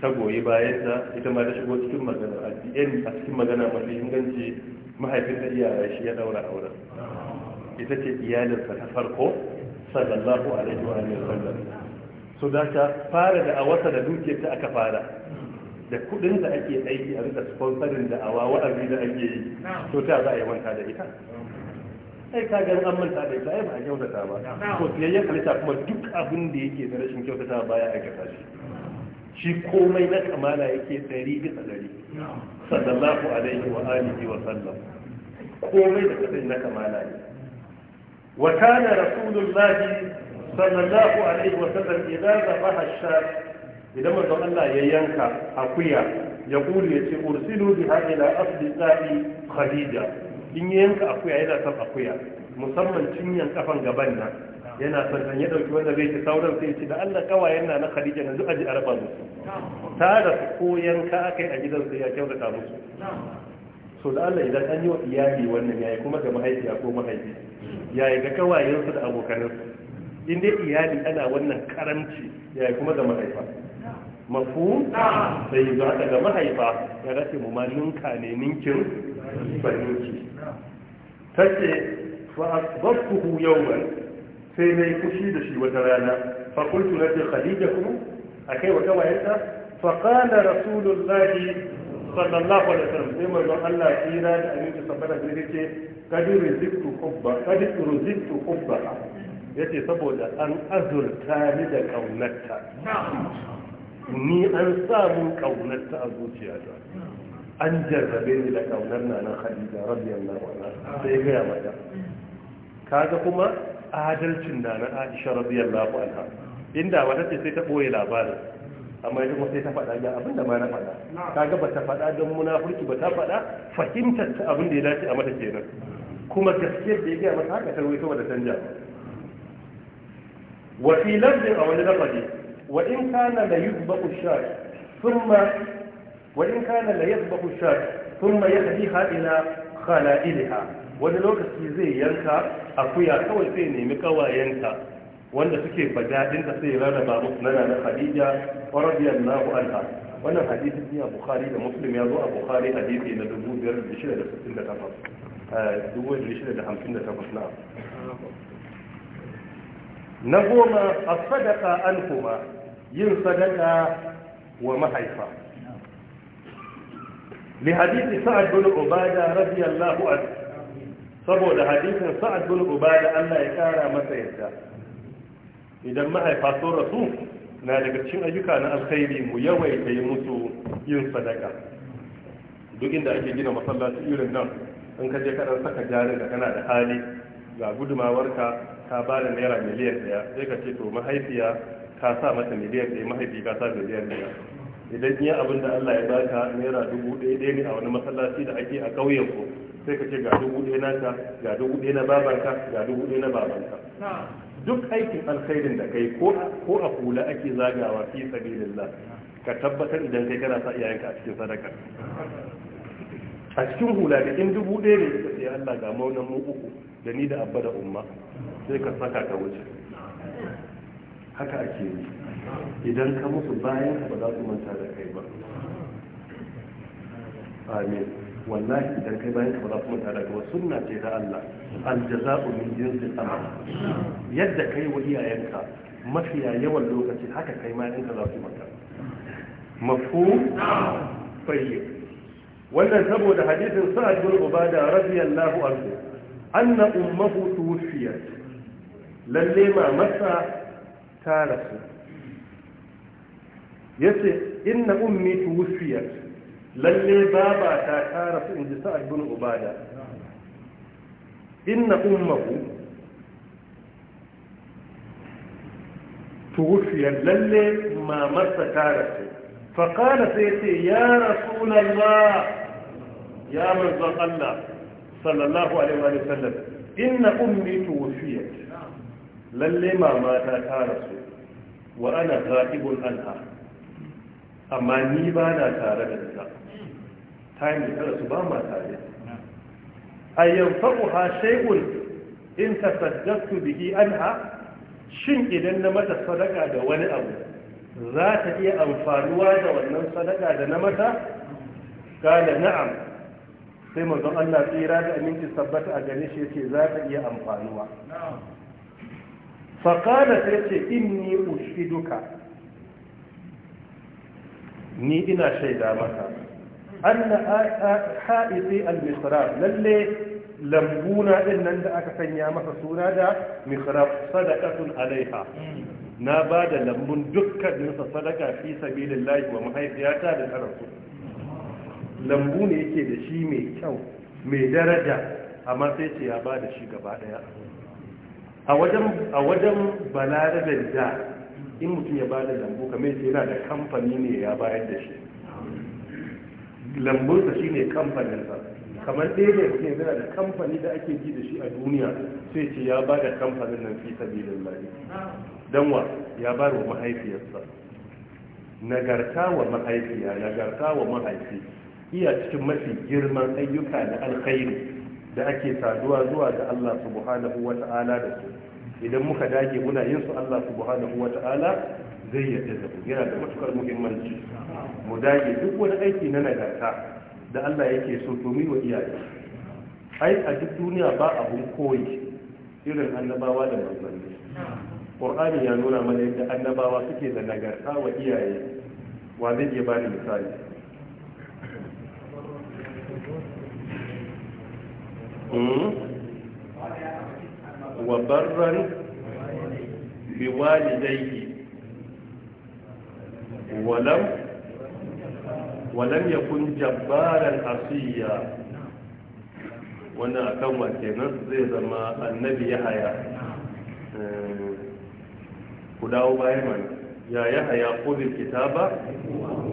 Speaker 1: ta goyi bayan da ita ma ta shigo cikin magana a cikin a cikin magana mafi inganci mahaifin da iyaye shi ya daura auren ita ce iyalinsa ta farko sallallahu alaihi wa sallam so da ta fara da a wata da dukiyar ta aka fara da kudin da ake aiki a rika sponsorin da awa wa'azi da ake yi to ta za a yi wanka da ita Sai ka ga an manta da ita ai ba a kyautata ba ko siyayyen halitta kuma duk abin da yake da rashin kyautata baya a kyauta shi shi komai na kamala yake dari bisa dari sallallahu alaihi wa alihi wa sallam komai da kasai na kamala ne wa kana rasulullahi sallallahu alaihi wa sallam idan zabaha shaf idan manzon Allah ya yanka akuya ya kuli ya ce ursilu biha ila asbiqai khadija in ya yanka akuya yana son akuya musamman cinyan kafan gaban nan yana son dan ya dauki wanda zai ci sauran sai ci da Allah kawayen na na khadija na zuwa ji arba musu ta da ko yanka akai a gidan sai ya kyautata musu so da Allah idan an yi wa iyali wannan yayi kuma ga mahaifiya ko mahaifi yayi ga su da abokanansu in dai iyali ana wannan karamci yayi kuma ga mahaifa mafu sai yi zuwa daga mahaifa ya rafi mu ma ninka ne ninkin baninki ta ce yau yawman sai na yi fushi da shi wata rana fakultu na ce khadija kuma a kai wata wayarta faƙala rasulullahi sallallahu alaihi wasallam sai manzon Allah kira da aminci sabara da yake kadi rizqtu hubba kadi rizqtu hubba yace saboda an azurta ni da kaunarta ni an samun ƙaunarta a zuciyata an jarrabe ni da ƙaunar na na khadija radiyallahu anha sai gaya mata kaga kuma adalcin na na aisha radiyallahu anha inda wata ce sai ta ɓoye labarin amma ita sai ta faɗa ga abin da ma na faɗa kaga ba ta faɗa don munafurki ba ta faɗa fahimtar ta abin da ya dace a mata kenan kuma gaskiyar da ya gaya mata haka ta rawaito da canja wa fi lafzin a wani lafari. وإن كان ليذبح الشاة ثم وإن كان ليذبح الشاة ثم يهديها إلى خلائلها wani lokaci zai yanka akuya kawai sai nemi kawayenta wanda suke fadadinta sai rarraba musu na na khadija wa radiyallahu anha wannan hadisi ne a bukhari da muslim ya zo a bukhari hadisi na 2658 na goma a sadaka an kuma yin sadaka wa mahaifa li hadisi sa'ad bin ubada radiyallahu anhu saboda hadisin sa'ad bin ubada Allah ya kara masa yadda idan mahaifa so rasu na daga cikin ayyuka na alkhairi mu yawaita yi musu yin sadaka duk inda ake gina masallaci irin nan in ka je kaɗan saka jarin da kana da hali ga gudumawarka ka ba da naira miliyan ɗaya sai ka ce to mahaifiya ka sa mata miliyan ɗaya mahaifi ka sa miliyan ɗaya idan ya abin da Allah ya baka naira dubu ɗaya ɗaya ne a wani masallaci da ake a ƙauyen ko sai ka ce ga dubu ɗaya ka ga dubu ɗaya na babanka ga dubu ɗaya na babanka duk aikin alkhairin da kai ko a hula ake zagawa fi sabilillah ka tabbatar idan kai kana sa iyayenka a cikin sadaka a cikin hula da in dubu ɗaya ne ka ce Allah ga maunan mu uku da ni da abba da umma sai ka saka ka wuce haka ake yi idan ka musu bayan ba za su manta da kai ba amin wallahi idan kai bayan ka ba za su manta da kai ba sunna ce ta Allah aljaza'u min jinsi amal yadda kai wa iyayenka mafiya yawan lokaci haka kai ma in ka za su manta mafhum tayyib wannan saboda hadisin sa'ad bin ubada radiyallahu anhu anna ummuhu tuwfiyat lalle ma mamarsa ta rasu ya ce inna ummi tuwufiyar lalle baba ta ta rasu in ji sa'ad bin ubada inna ummahu tuwufiyar lalle mamarsa ta rasu faƙada sai ce ya rasulallah ya manzon Allah sallallahu alaihi wa sallam inna ummi tuwufiyar lalle mama ta ta rasu wa ana za'ibun anha amma ni ba na tare da ita ta yi ta su ba ma tare a fa'u ha shaikun in ta saddaktu bihi anha shin idan na mata sadaka da wani abu za ta iya amfanuwa da wannan sadaka da na mata kala na'am sai manzon Allah tsira da aminci sabbata a gane shi yake za ta iya amfanuwa faƙada sai ce inni ushiduka ni ina shaida maka anna ha'izi al-misrab lalle lambuna din nan da aka sanya masa suna da mihrab sadaqatun alaiha na ba da lambun dukkaninsa sadaka fi sabilillahi wa mahaifiyata da taransu lambu ne yake da shi mai kyau mai daraja amma sai ce ya ba da shi gaba ɗaya. a wajen a wajen balarabe da in mutum ya bada lambu kamar yadda yana da kamfani ne ya bayar da shi lambunsa ne kamfaninsa kamar ɗaya da yake yana da kamfani da ake ji da shi a duniya sai ce ya ba da kamfanin nan fi sabilin lahi don wa ya ba wa mahaifiyarsa nagarta wa mahaifiya nagarta wa mahaifi iya cikin mafi girman ayyuka na alkhairi da ake saduwa zuwa da Allah subhanahu ta'ala da su idan muka dage muna yin su Allah subhanahu ta'ala zai yarda da mu yana da matukar muhimmanci mu dage duk wani aiki na nagarta da Allah yake so to wa iyaye ai a duk duniya ba abun koyi irin annabawa da manzanni Qur'ani ya nuna mana yadda annabawa suke da nagarta wa iyaye wa zai iya bani misali Hmm? wa barran bi walidayhi walam walam yakun jabbaran asiya wannan akan wa kenan zai zama annabi yahaya eh, ku dawo bayan mana يا يحيى خذ الكتاب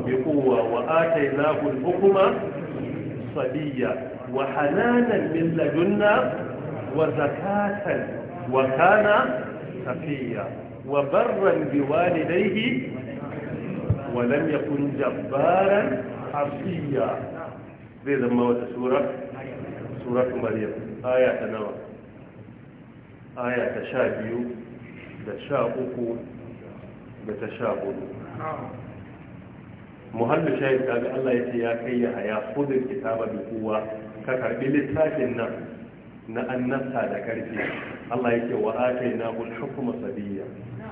Speaker 1: بقوة وآتيناه الحكم صبيا وحنانا من لدنا وزكاة وكان تقيا وبرا بوالديه ولم يكن جبارا عصيا زي لما وتا سورة سورة مريم آية نوى آية تشابيو تشابكو بتشابه muhallu shahid kaga Allah ya ce ya kai ya haya khudul kitaba bi quwwa ka karbi littafin nan na annabta da karfi Allah yake wa na hul hukma sabiyya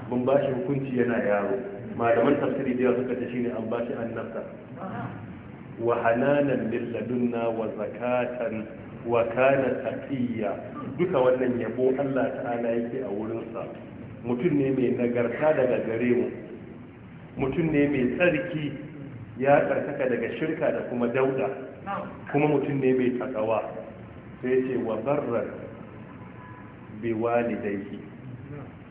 Speaker 1: mun ba shi hukunci yana yaro malaman tafsiri da suka ce shine an ba shi annabta wa hananan lil ladunna wa zakatan wa kana taqiyya duka wannan yabo Allah ta'ala yake a wurin sa mutum ne mai nagarta daga gare mu mutum ne mai tsarki ya karkaka daga shirka da kuma dauda kuma mutum ne bai takawa sai ce wa barrar bi walidaihi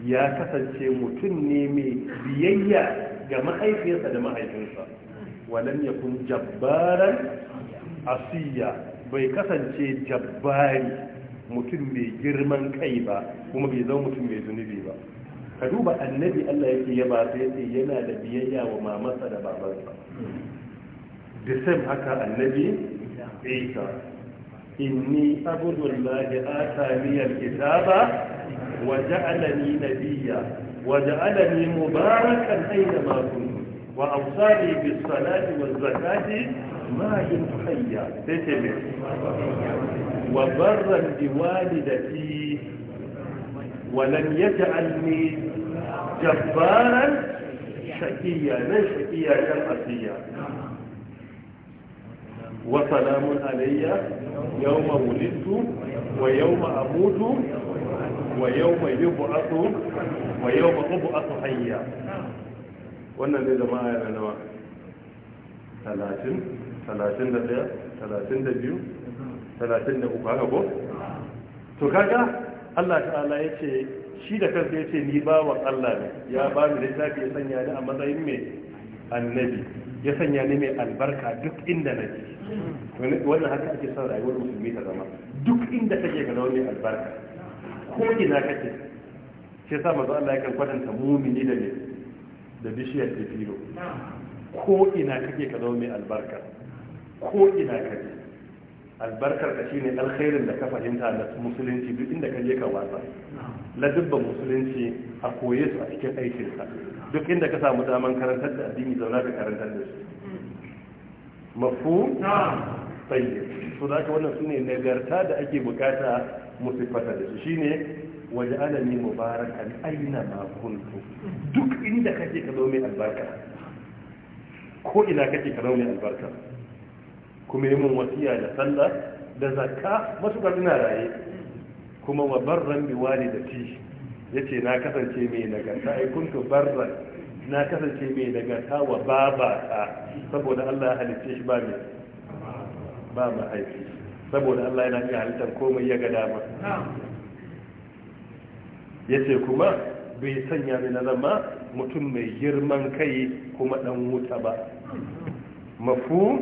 Speaker 1: ya kasance mutum ne mai biyayya ga mahaifiyarsa da mahaifinsa ya kun jabbaran asiya bai kasance jabbari mutum mai girman kai ba kuma bai zama mutum mai zunubi ba ka duba annabi Allah yake yaba sai yace yana da biyayya wa mamansa da babansa بسم هكا النبي عيسى إني أبد الله آتاني الكتاب وجعلني نبيا وجعلني مباركا أينما كنت وأوصاني بالصلاة والزكاة ما كنت حيا وبرا بوالدتي ولم يجعلني جبارا شكيا لا شكيا كالقصية وسلام salamun يوم ولدت ويوم wa ويوم يبعث wa أبعث حيا wa wannan zai zama aya na nawa 30 32 33 haka ko to kaga Allah ta'ala ce shi da kansa yace ni bawan Allah ne ya ba ni littafi ya sanya ni a matsayin mai annabi ya sanya ni mai albarka duk inda na ji wannan haka ake son rayuwar musulmi ta zama duk inda take ga wani albarka ko ina kake sai sa manzo Allah yakan kwatanta mumini da ne da bishiyar tafiro ko ina kake ka zama mai albarka ko ina kake albarkar ka shine alkhairin da ka fahimta da musulunci duk inda ka je ka watsa ladubban musulunci a koye su a cikin aikin ka duk inda ka samu daman karantar da addini zauna ka karantar da su mafu tayyib so da wannan sune nagarta da ake bukata mu sifata da Shi shine waje alami mubarakan aina ma kuntu duk inda kake ka zo mai albarka ko ina kake ka zo mai albarka kuma yi mun wasiya da sallah da zakka matuƙar ina raye kuma wa barran bi walidati yace na kasance mai nagarta ai kuntu barran na kasance mai nagarta wa babata saboda Allah ya halicce shi ba mai ba mahaifi saboda Allah yana iya halittar komai ya ga dama yace kuma bai sanya ni na zama mutum mai girman kai kuma dan wuta ba mafu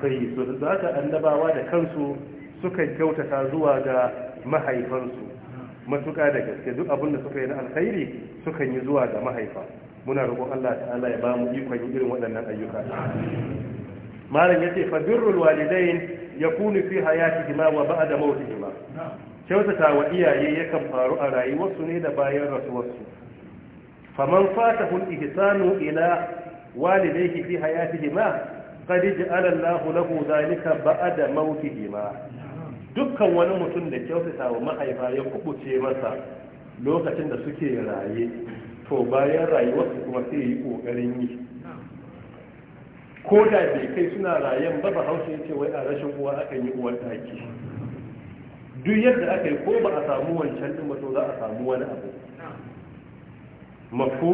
Speaker 1: sai su da annabawa da kansu suka kyautata zuwa ga mahaifansu matuƙa da gaske duk abin da suka yi na alkhairi sukan yi zuwa ga mahaifa muna roƙon Allah ta'ala ya ba mu ikon yin irin waɗannan ayyuka malam yace fa birrul walidain yakunu fi hayatihima wa ba'da mawtihima kyautata wa iyaye yakan faru a rayuwarsu ne da bayan rasuwarsu faman fatahu al-ihsanu ila walidayhi fi hayatihima qad ja'ala Allahu lahu zalika ba'da mautihi ma dukkan wani mutum da kyautata wa mahaifa ya kubuce masa lokacin da suke raye to bayan rayuwarsu kuma sai yi kokarin yi ko da bai kai suna rayen ba ba hausa ce wai a rashin uwa akan yi uwar taki duk yadda aka yi ko ba a samu wancan din ba to za a samu wani abu mafu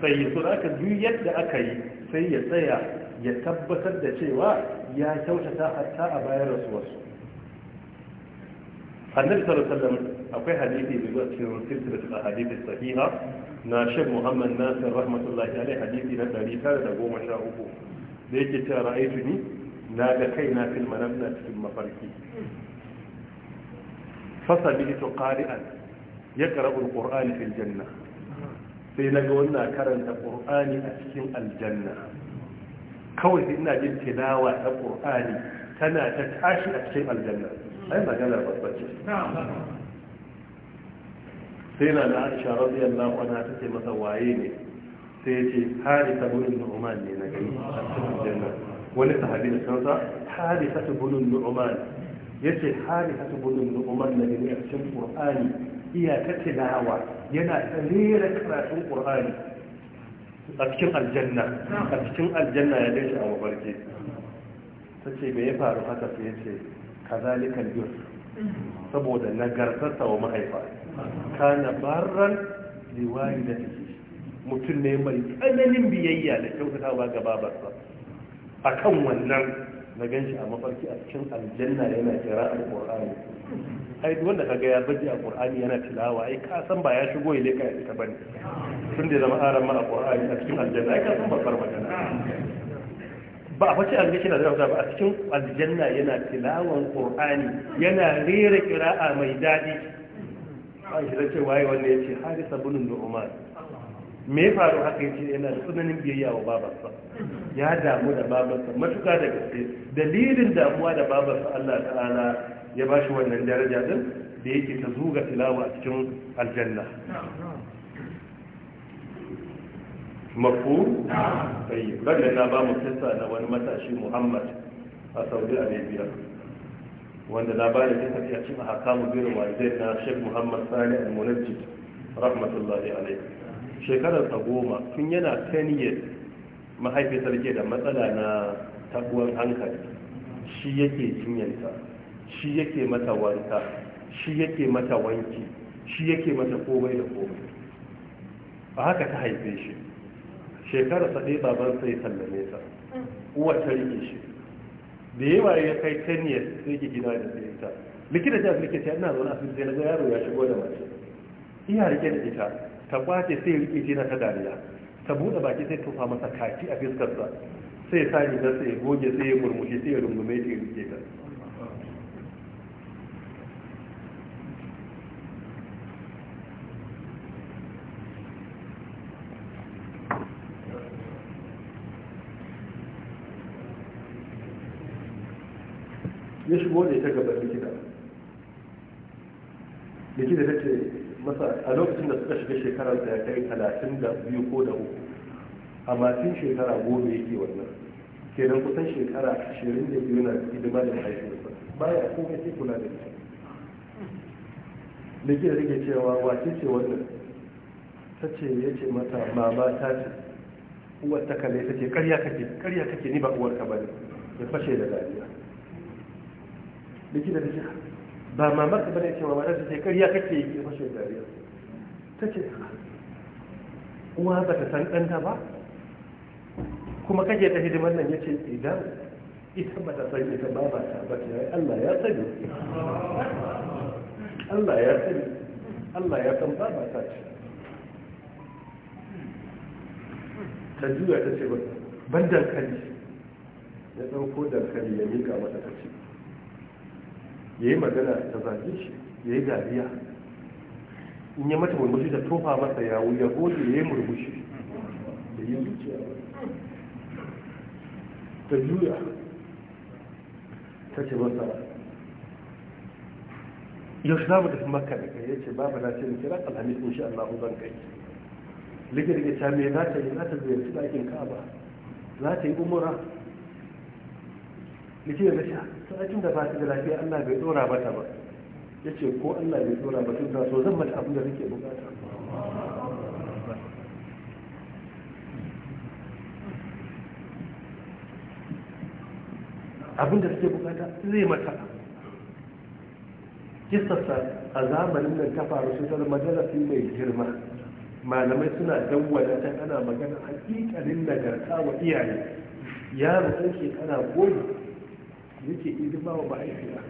Speaker 1: sai su aka duk yadda aka yi sai ya tsaya ya tabbatar da cewa ya kyautata hatta a bayan rasuwarsu annabi sallallahu alaihi wasallam akwai hadisi da zuwa cikin silsilar hadisi sahiha na shek muhammad nasir rahmatullahi alaihi hadisi na 913 da yake cewa ra'aytu ni na ga kaina fil manam na cikin mafarki fasabitu qari'an yaqra'u al-qur'ana fil janna sai naga wannan karanta qur'ani a cikin aljanna kawai sai ina jin tilawa ta qur'ani tana ta tashi a cikin aljanna ai magana babba ce sai na Aisha radiyallahu anha take masa waye ne sai ya ce harisa bin nu'man ne na gani a cikin aljanna wani sahabi da kansa harisa bin nu'man yace harisa bin nu'man ne ne a cikin qur'ani iya ta tilawa yana ta rera karatun qur'ani a cikin aljanna a cikin aljanna ya dace a mafarki ta ce me ya faru haka sai ya ce kazalikan yus saboda nagartarsa wa mahaifa Ka na barar liwari da take mutum ne mai tsananin biyayya da ba ga babarsa A kan wannan na gan shi a mafarki a cikin aljanna yana kira a ƙorani ai wanda kaga ya baje a ƙorani yana tilawa ai ka san ba ya shigo ya leka ya fita bane tun da zama aran ma a ƙorani a cikin aljanna ai ka san babbar magana ba a face aljanna yana zama ba a cikin aljanna yana tilawan ƙorani yana rera kira'a mai daɗi ba shi da cewa yi wanda ya ce harisa bunin da umar me ya faru haka yake yana da tsananin biyayya wa babarsa ya damu da babarsa matuka da gaske dalilin damuwa da babarsa Allah ta'ala ya ba shi wannan daraja din da yake ta zuga tilawa a cikin aljanna mafu tayyib da na ba mu na wani matashi Muhammad a Saudi Arabia wanda na ba da kissa a hakamu birin zai na Sheikh Muhammad Sani al-Munajjid rahmatullahi alayhi shekarar ta goma tun yana 10 years mahaifiyarsa ke da matsala na tabuwan hankali shi yake jinyanta shi yake mata wanka shi yake mata wanki shi yake mata komai da komai a haka ta haife shi shekarar sa ɗaya baban sai sallame sa uwar ta rike shi da yawa ya kai 10 years sai ke gina da sai ta likita ta ta yana zaune a zai na ga yaro ya shigo da mace iya rike da ita ta kwace sai rike shi na ta dariya ta buɗe baki sai tufa masa kaki a fiskarsa sai sa riga sai goge sai ya murmushi sai ya rungume ya rike ta ya shigo da ita gaban likita likita ta ce a lokacin da suka shiga shekarar da ya kai talatin da biyu ko da uku a matin shekara goma yake wannan kenan kusan shekara ashirin da biyu na hidima da mahaifinsa baya kuma ce kula da ita da ke rike cewa wace ce wannan ta ce ya ce mata mama ta ce uwar ta kalle ta ce karya kake karya kake ni ba uwar ka ne ya fashe da dariya da ke da ba mamar ta bane cewa matar ta ce ƙarya kake yi ke fashe dariya ta ce uwa ba ta san ɗanta ba kuma kake ta hidimar nan ya ce idan ita ba ta san ita ba ba ta ba ta Allah ya sani Allah ya sani Allah ya san ba ba ta ce ta juya ta ce ban dankali ya ɗauko dankali ya miƙa mata ta ce ya yi magana ta zage shi ya yi dariya in yi mata murmushi ta tofa masa ya wuya goge ya yi murmushi da yi zuciya ta juya ta ce masa yaushe za mu tafi makka da kai ya ce babu na ce da kira alhamis in sha Allah zan kai likita ya ce me za ta yi za ta ziyarci ɗakin ka'aba za ta yi umura mutum ya gaci sa'akin da ba shi da lafiya Allah bai dora mata ba ya ce ko Allah bai dora ba tun so zan mata abin da nake bukata abin da suke bukata zai mata kistarsa a zamanin nan ta faru su zama majalasi mai girma malamai suna dawwada ta ana magana hakikalin nagarta wa iyaye yaro ɗan kana goyi yake ba wa ma'aikata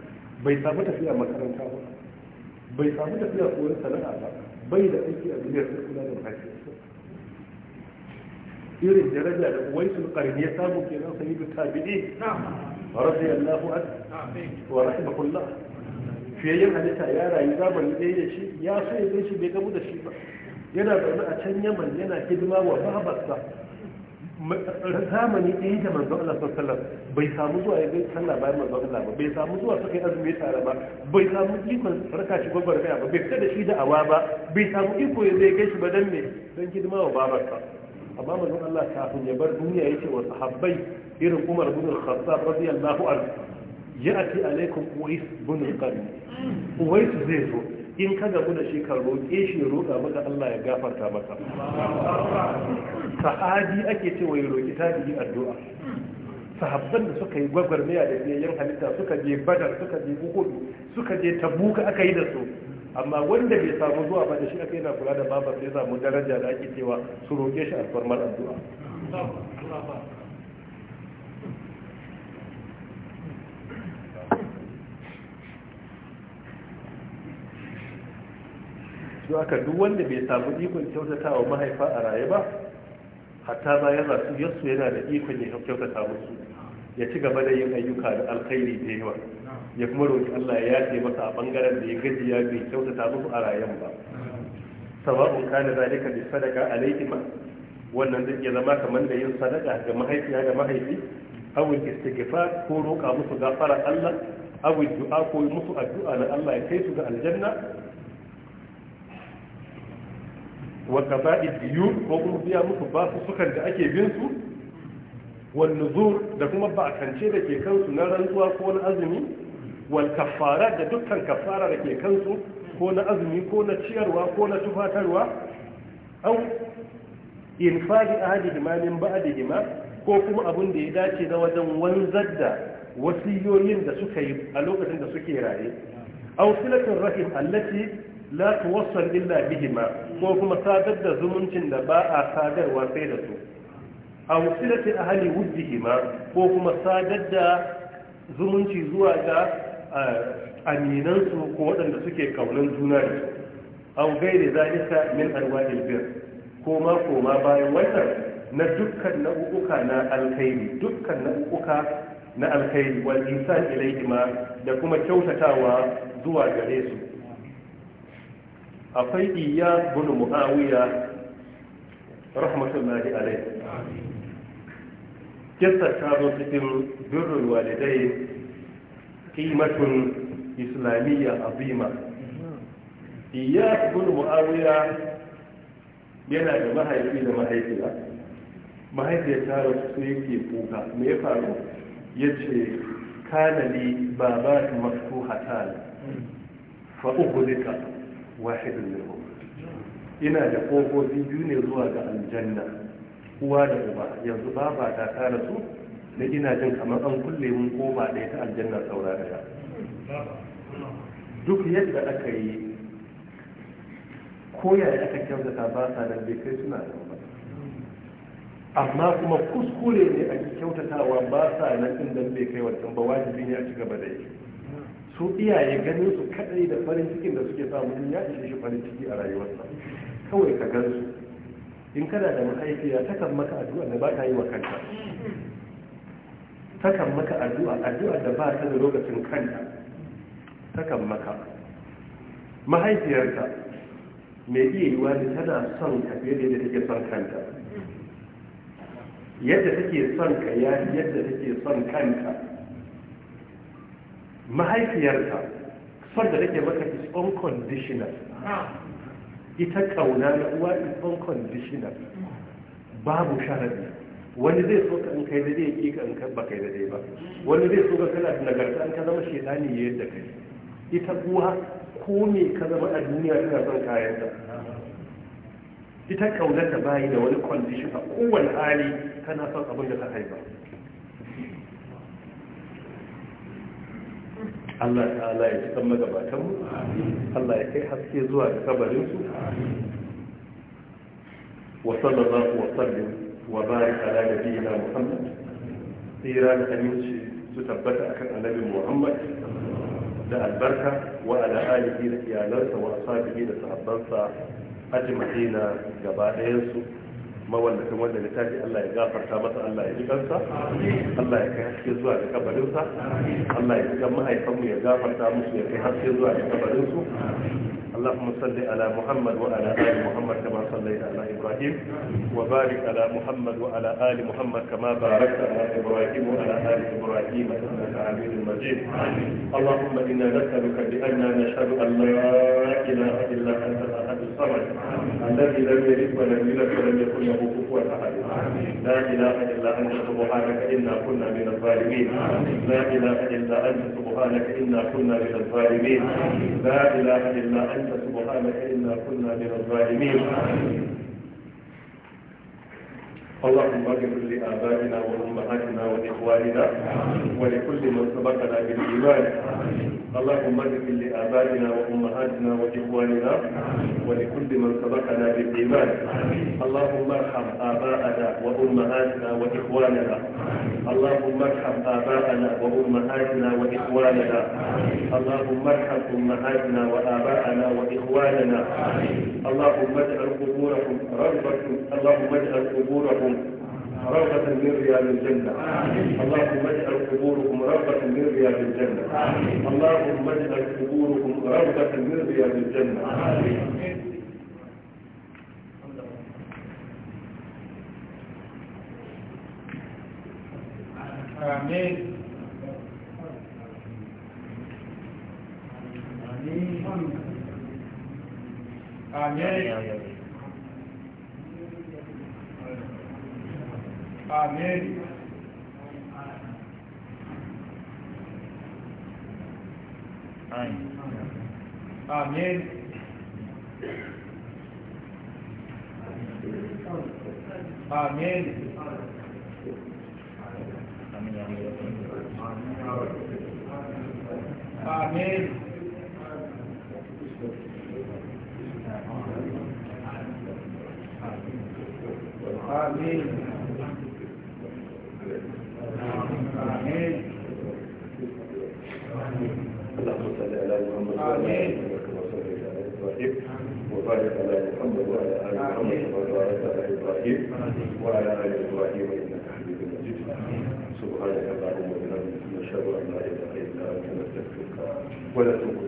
Speaker 1: bai samu tafiya makaranta ba bai samu tafiya koyon sana'a ba bai da aiki a duniyar sai kula da mahaifiyarsa irin daraja da sun karni ya samu kenan sayyidu tabi'i radiyallahu anhu wa Fiye fiyayyen halitta ya rayu zamani ɗaya da shi ya so ya gan shi bai gamu da shi ba yana zaune a can yaman yana hidima wa babarsa zamani ɗaya da manzo Allah sallallahu bai samu zuwa ya bai sallah bayan manzo Allah ba bai samu zuwa suka yi azumi tare ba bai samu ikon farka shi gwagwar kaya ba bai fita da shi da awa ba bai samu iko ya zai gaishi ba dan ne, don hidima wa babarsa amma manzon Allah kafin ya bar duniya yace wa sahabbai irin Umar bin Khattab radiyallahu anhu ya'ti alaikum Uwais bin Qarni Uwais zai zo in ka gabu da shi ka roƙe shi roƙa maka Allah ya gafarta maka sahabi ake cewa ya roƙi yi addu'a sahabban da suka yi gwagwarmaya da biyayyen halitta suka je badar suka je uhudu suka je tabuka aka yi da su amma wanda bai samu zuwa ba da shi aka yana kula da babar sai samu daraja da ake cewa su roƙe shi alfarmar addu'a shi aka duk wanda bai samu ikon kyautata wa mahaifa a raye ba hatta ya rasu yasu yana da ikon ya kyautata musu ya ci gaba da yin ayyuka da alkhairi da yawa ya kuma roƙi Allah ya yafe masa a bangaren da ya gaji ya bai kyautata musu a rayen ba sawa'un kana zalika bi sadaka alayhi ma wannan zai iya zama kamar da yin sadaka ga mahaifiya da mahaifi awin istighfar ko roƙa musu gafara Allah awin du'a ko musu addu'a na Allah ya kai su ga aljanna wa qada'i biyu ko kuma biya musu ba su sukan da ake bin su wal nuzur da kuma ba kance da ke kansu na rantsuwa ko na azumi wal kaffara da dukkan kaffara da ke kansu ko na azumi ko na ciyarwa ko na tufatarwa au infaqi ahadihima da ba'dihima ko kuma abin da ya dace na wajen wanzar da wasiyoyin da suka yi a lokacin da suke raye aw filatin rahim allati la tuwassal illa bihima ko kuma sadar da zumuncin da ba a sadarwa sai da su a wasilati ahli wujjihima ko kuma sadar da zumunci zuwa ga aminansu ko waɗanda suke kaunan juna da su an gaire zalika min arwahil bir ko ma ko ma bayan wannan na dukkan nau'uka na alkhairi dukkan nau'uka na alkhairi wal insan ilayhima da kuma kyautatawa zuwa gare su akwai iya bulu mu'awiya rahmatullahi alai Kisa ta zo cikin birrul walidai kimatun islamiyya azima iya bulu mu'awiya yana da mahaifi da mahaifiya mahaifiya ta zo sai yake kuka me ya faru ya ce, yace ba li baba maftuhatan fa ukhudika wahidun minhum ina da kofofi biyu ne zuwa ga aljanna uwa da uba yanzu baba ta tara su da ina jin kamar an kulle mun koma ɗaya ta aljanna saura daya duk yadda aka yi koyaya aka kyautata ba sa nan bai kai suna nan ba amma kuma kuskure ne a kyautatawa ba sa nan din dan bai kai wancan ba wajibi ne a ci gaba da yi su iyaye ganin su kadai da farin cikin da suke samu ya ishe shi farin ciki a rayuwarsa kawai ka gan su in kana da mahaifiya ta kan maka addu'a da ba ta yi wa kanta ta kan maka addu'a addu'a da ba ta da lokacin kanta ta kan maka mahaifiyarka mai iya yiwa ne tana son ka fiye da yadda take son kanta yadda take son ka ya yadda take son kanta mahaifiyarka son da nake maka is unconditional ita kauna na uwa is unconditional babu sharadi wani zai so ka in kai da zai kika in ba kai da dai ba wani zai so ka kana da nagarta in ka zama shedani yadda kai ita uwa ko me ka zama a duniya kana son kayan ta ita ta bayi da wani condition a kowane hali kana son abin da ka haifa Allah ta'ala ya cikin magabatanmu Allah ya kai haske zuwa ga kabarinsu ku wasallin wa ya wa da biyu na, Muhammad tsira da aminci su tabbata akan annabin Muhammad da albarka wa ala alihi da iyalansa wa ashabihi da sahabbansa ajma'ina gaba ɗayan su mawallafin wanda littafi Allah ya gafarta masa Allah ya jikansa Allah ya kai haske zuwa ga kabarinsa Allah ya jikan mahaifanmu ya gafarta musu ya kai haske zuwa ga kabarinsu اللهم صل على محمد وعلى آل محمد كما صليت على إبراهيم وبارك على محمد وعلى آل محمد كما باركت على إبراهيم وعلى آل إبراهيم إنك حميد مجيد اللهم إنا نسألك بأننا نشهد أن لا إله إلا أنت الأحد الصمد الذي لم يلد ولم يولد ولم يكن له كفوا أحد لا إله إلا أنت سبحانك إنا كنا من الظالمين لا إله إلا أنت سبحانك إنا كنا من الظالمين لا إله إلا أنت أنت سبحانك إنا كنا من الظالمين اللهم اغفر لآبائنا وأمهاتنا وإخواننا ولكل من سبقنا بالإيمان اللهم اغفر لآبائنا وأمهاتنا وإخواننا ولكل من سبقنا بالإيمان اللهم ارحم آباءنا وأمهاتنا وإخواننا اللهم ارحم آباءنا وأمهاتنا وإخواننا اللهم ارحم أمهاتنا وآباءنا وإخواننا اللهم اجعل قبورهم رغبة اللهم اجعل قبورهم رغبة من رياض الجنة اللهم اجعل قبوركم رغبة من رياض الجنة اللهم اجعل قبوركم رغبة من رياض الجنة
Speaker 2: آمين آمين آمين Amém. Amém. Amém. Amém. Amém. اللهم
Speaker 1: صل على محمد وعلى آله وبارك على محمد وعلى آل محمد وبارك على إبراهيم وعلى آل إبراهيم إنك حميد مجيد سبحانك اللهم وبحمدك نشهد أن لا إله إلا أنت نستغفرك ونتوب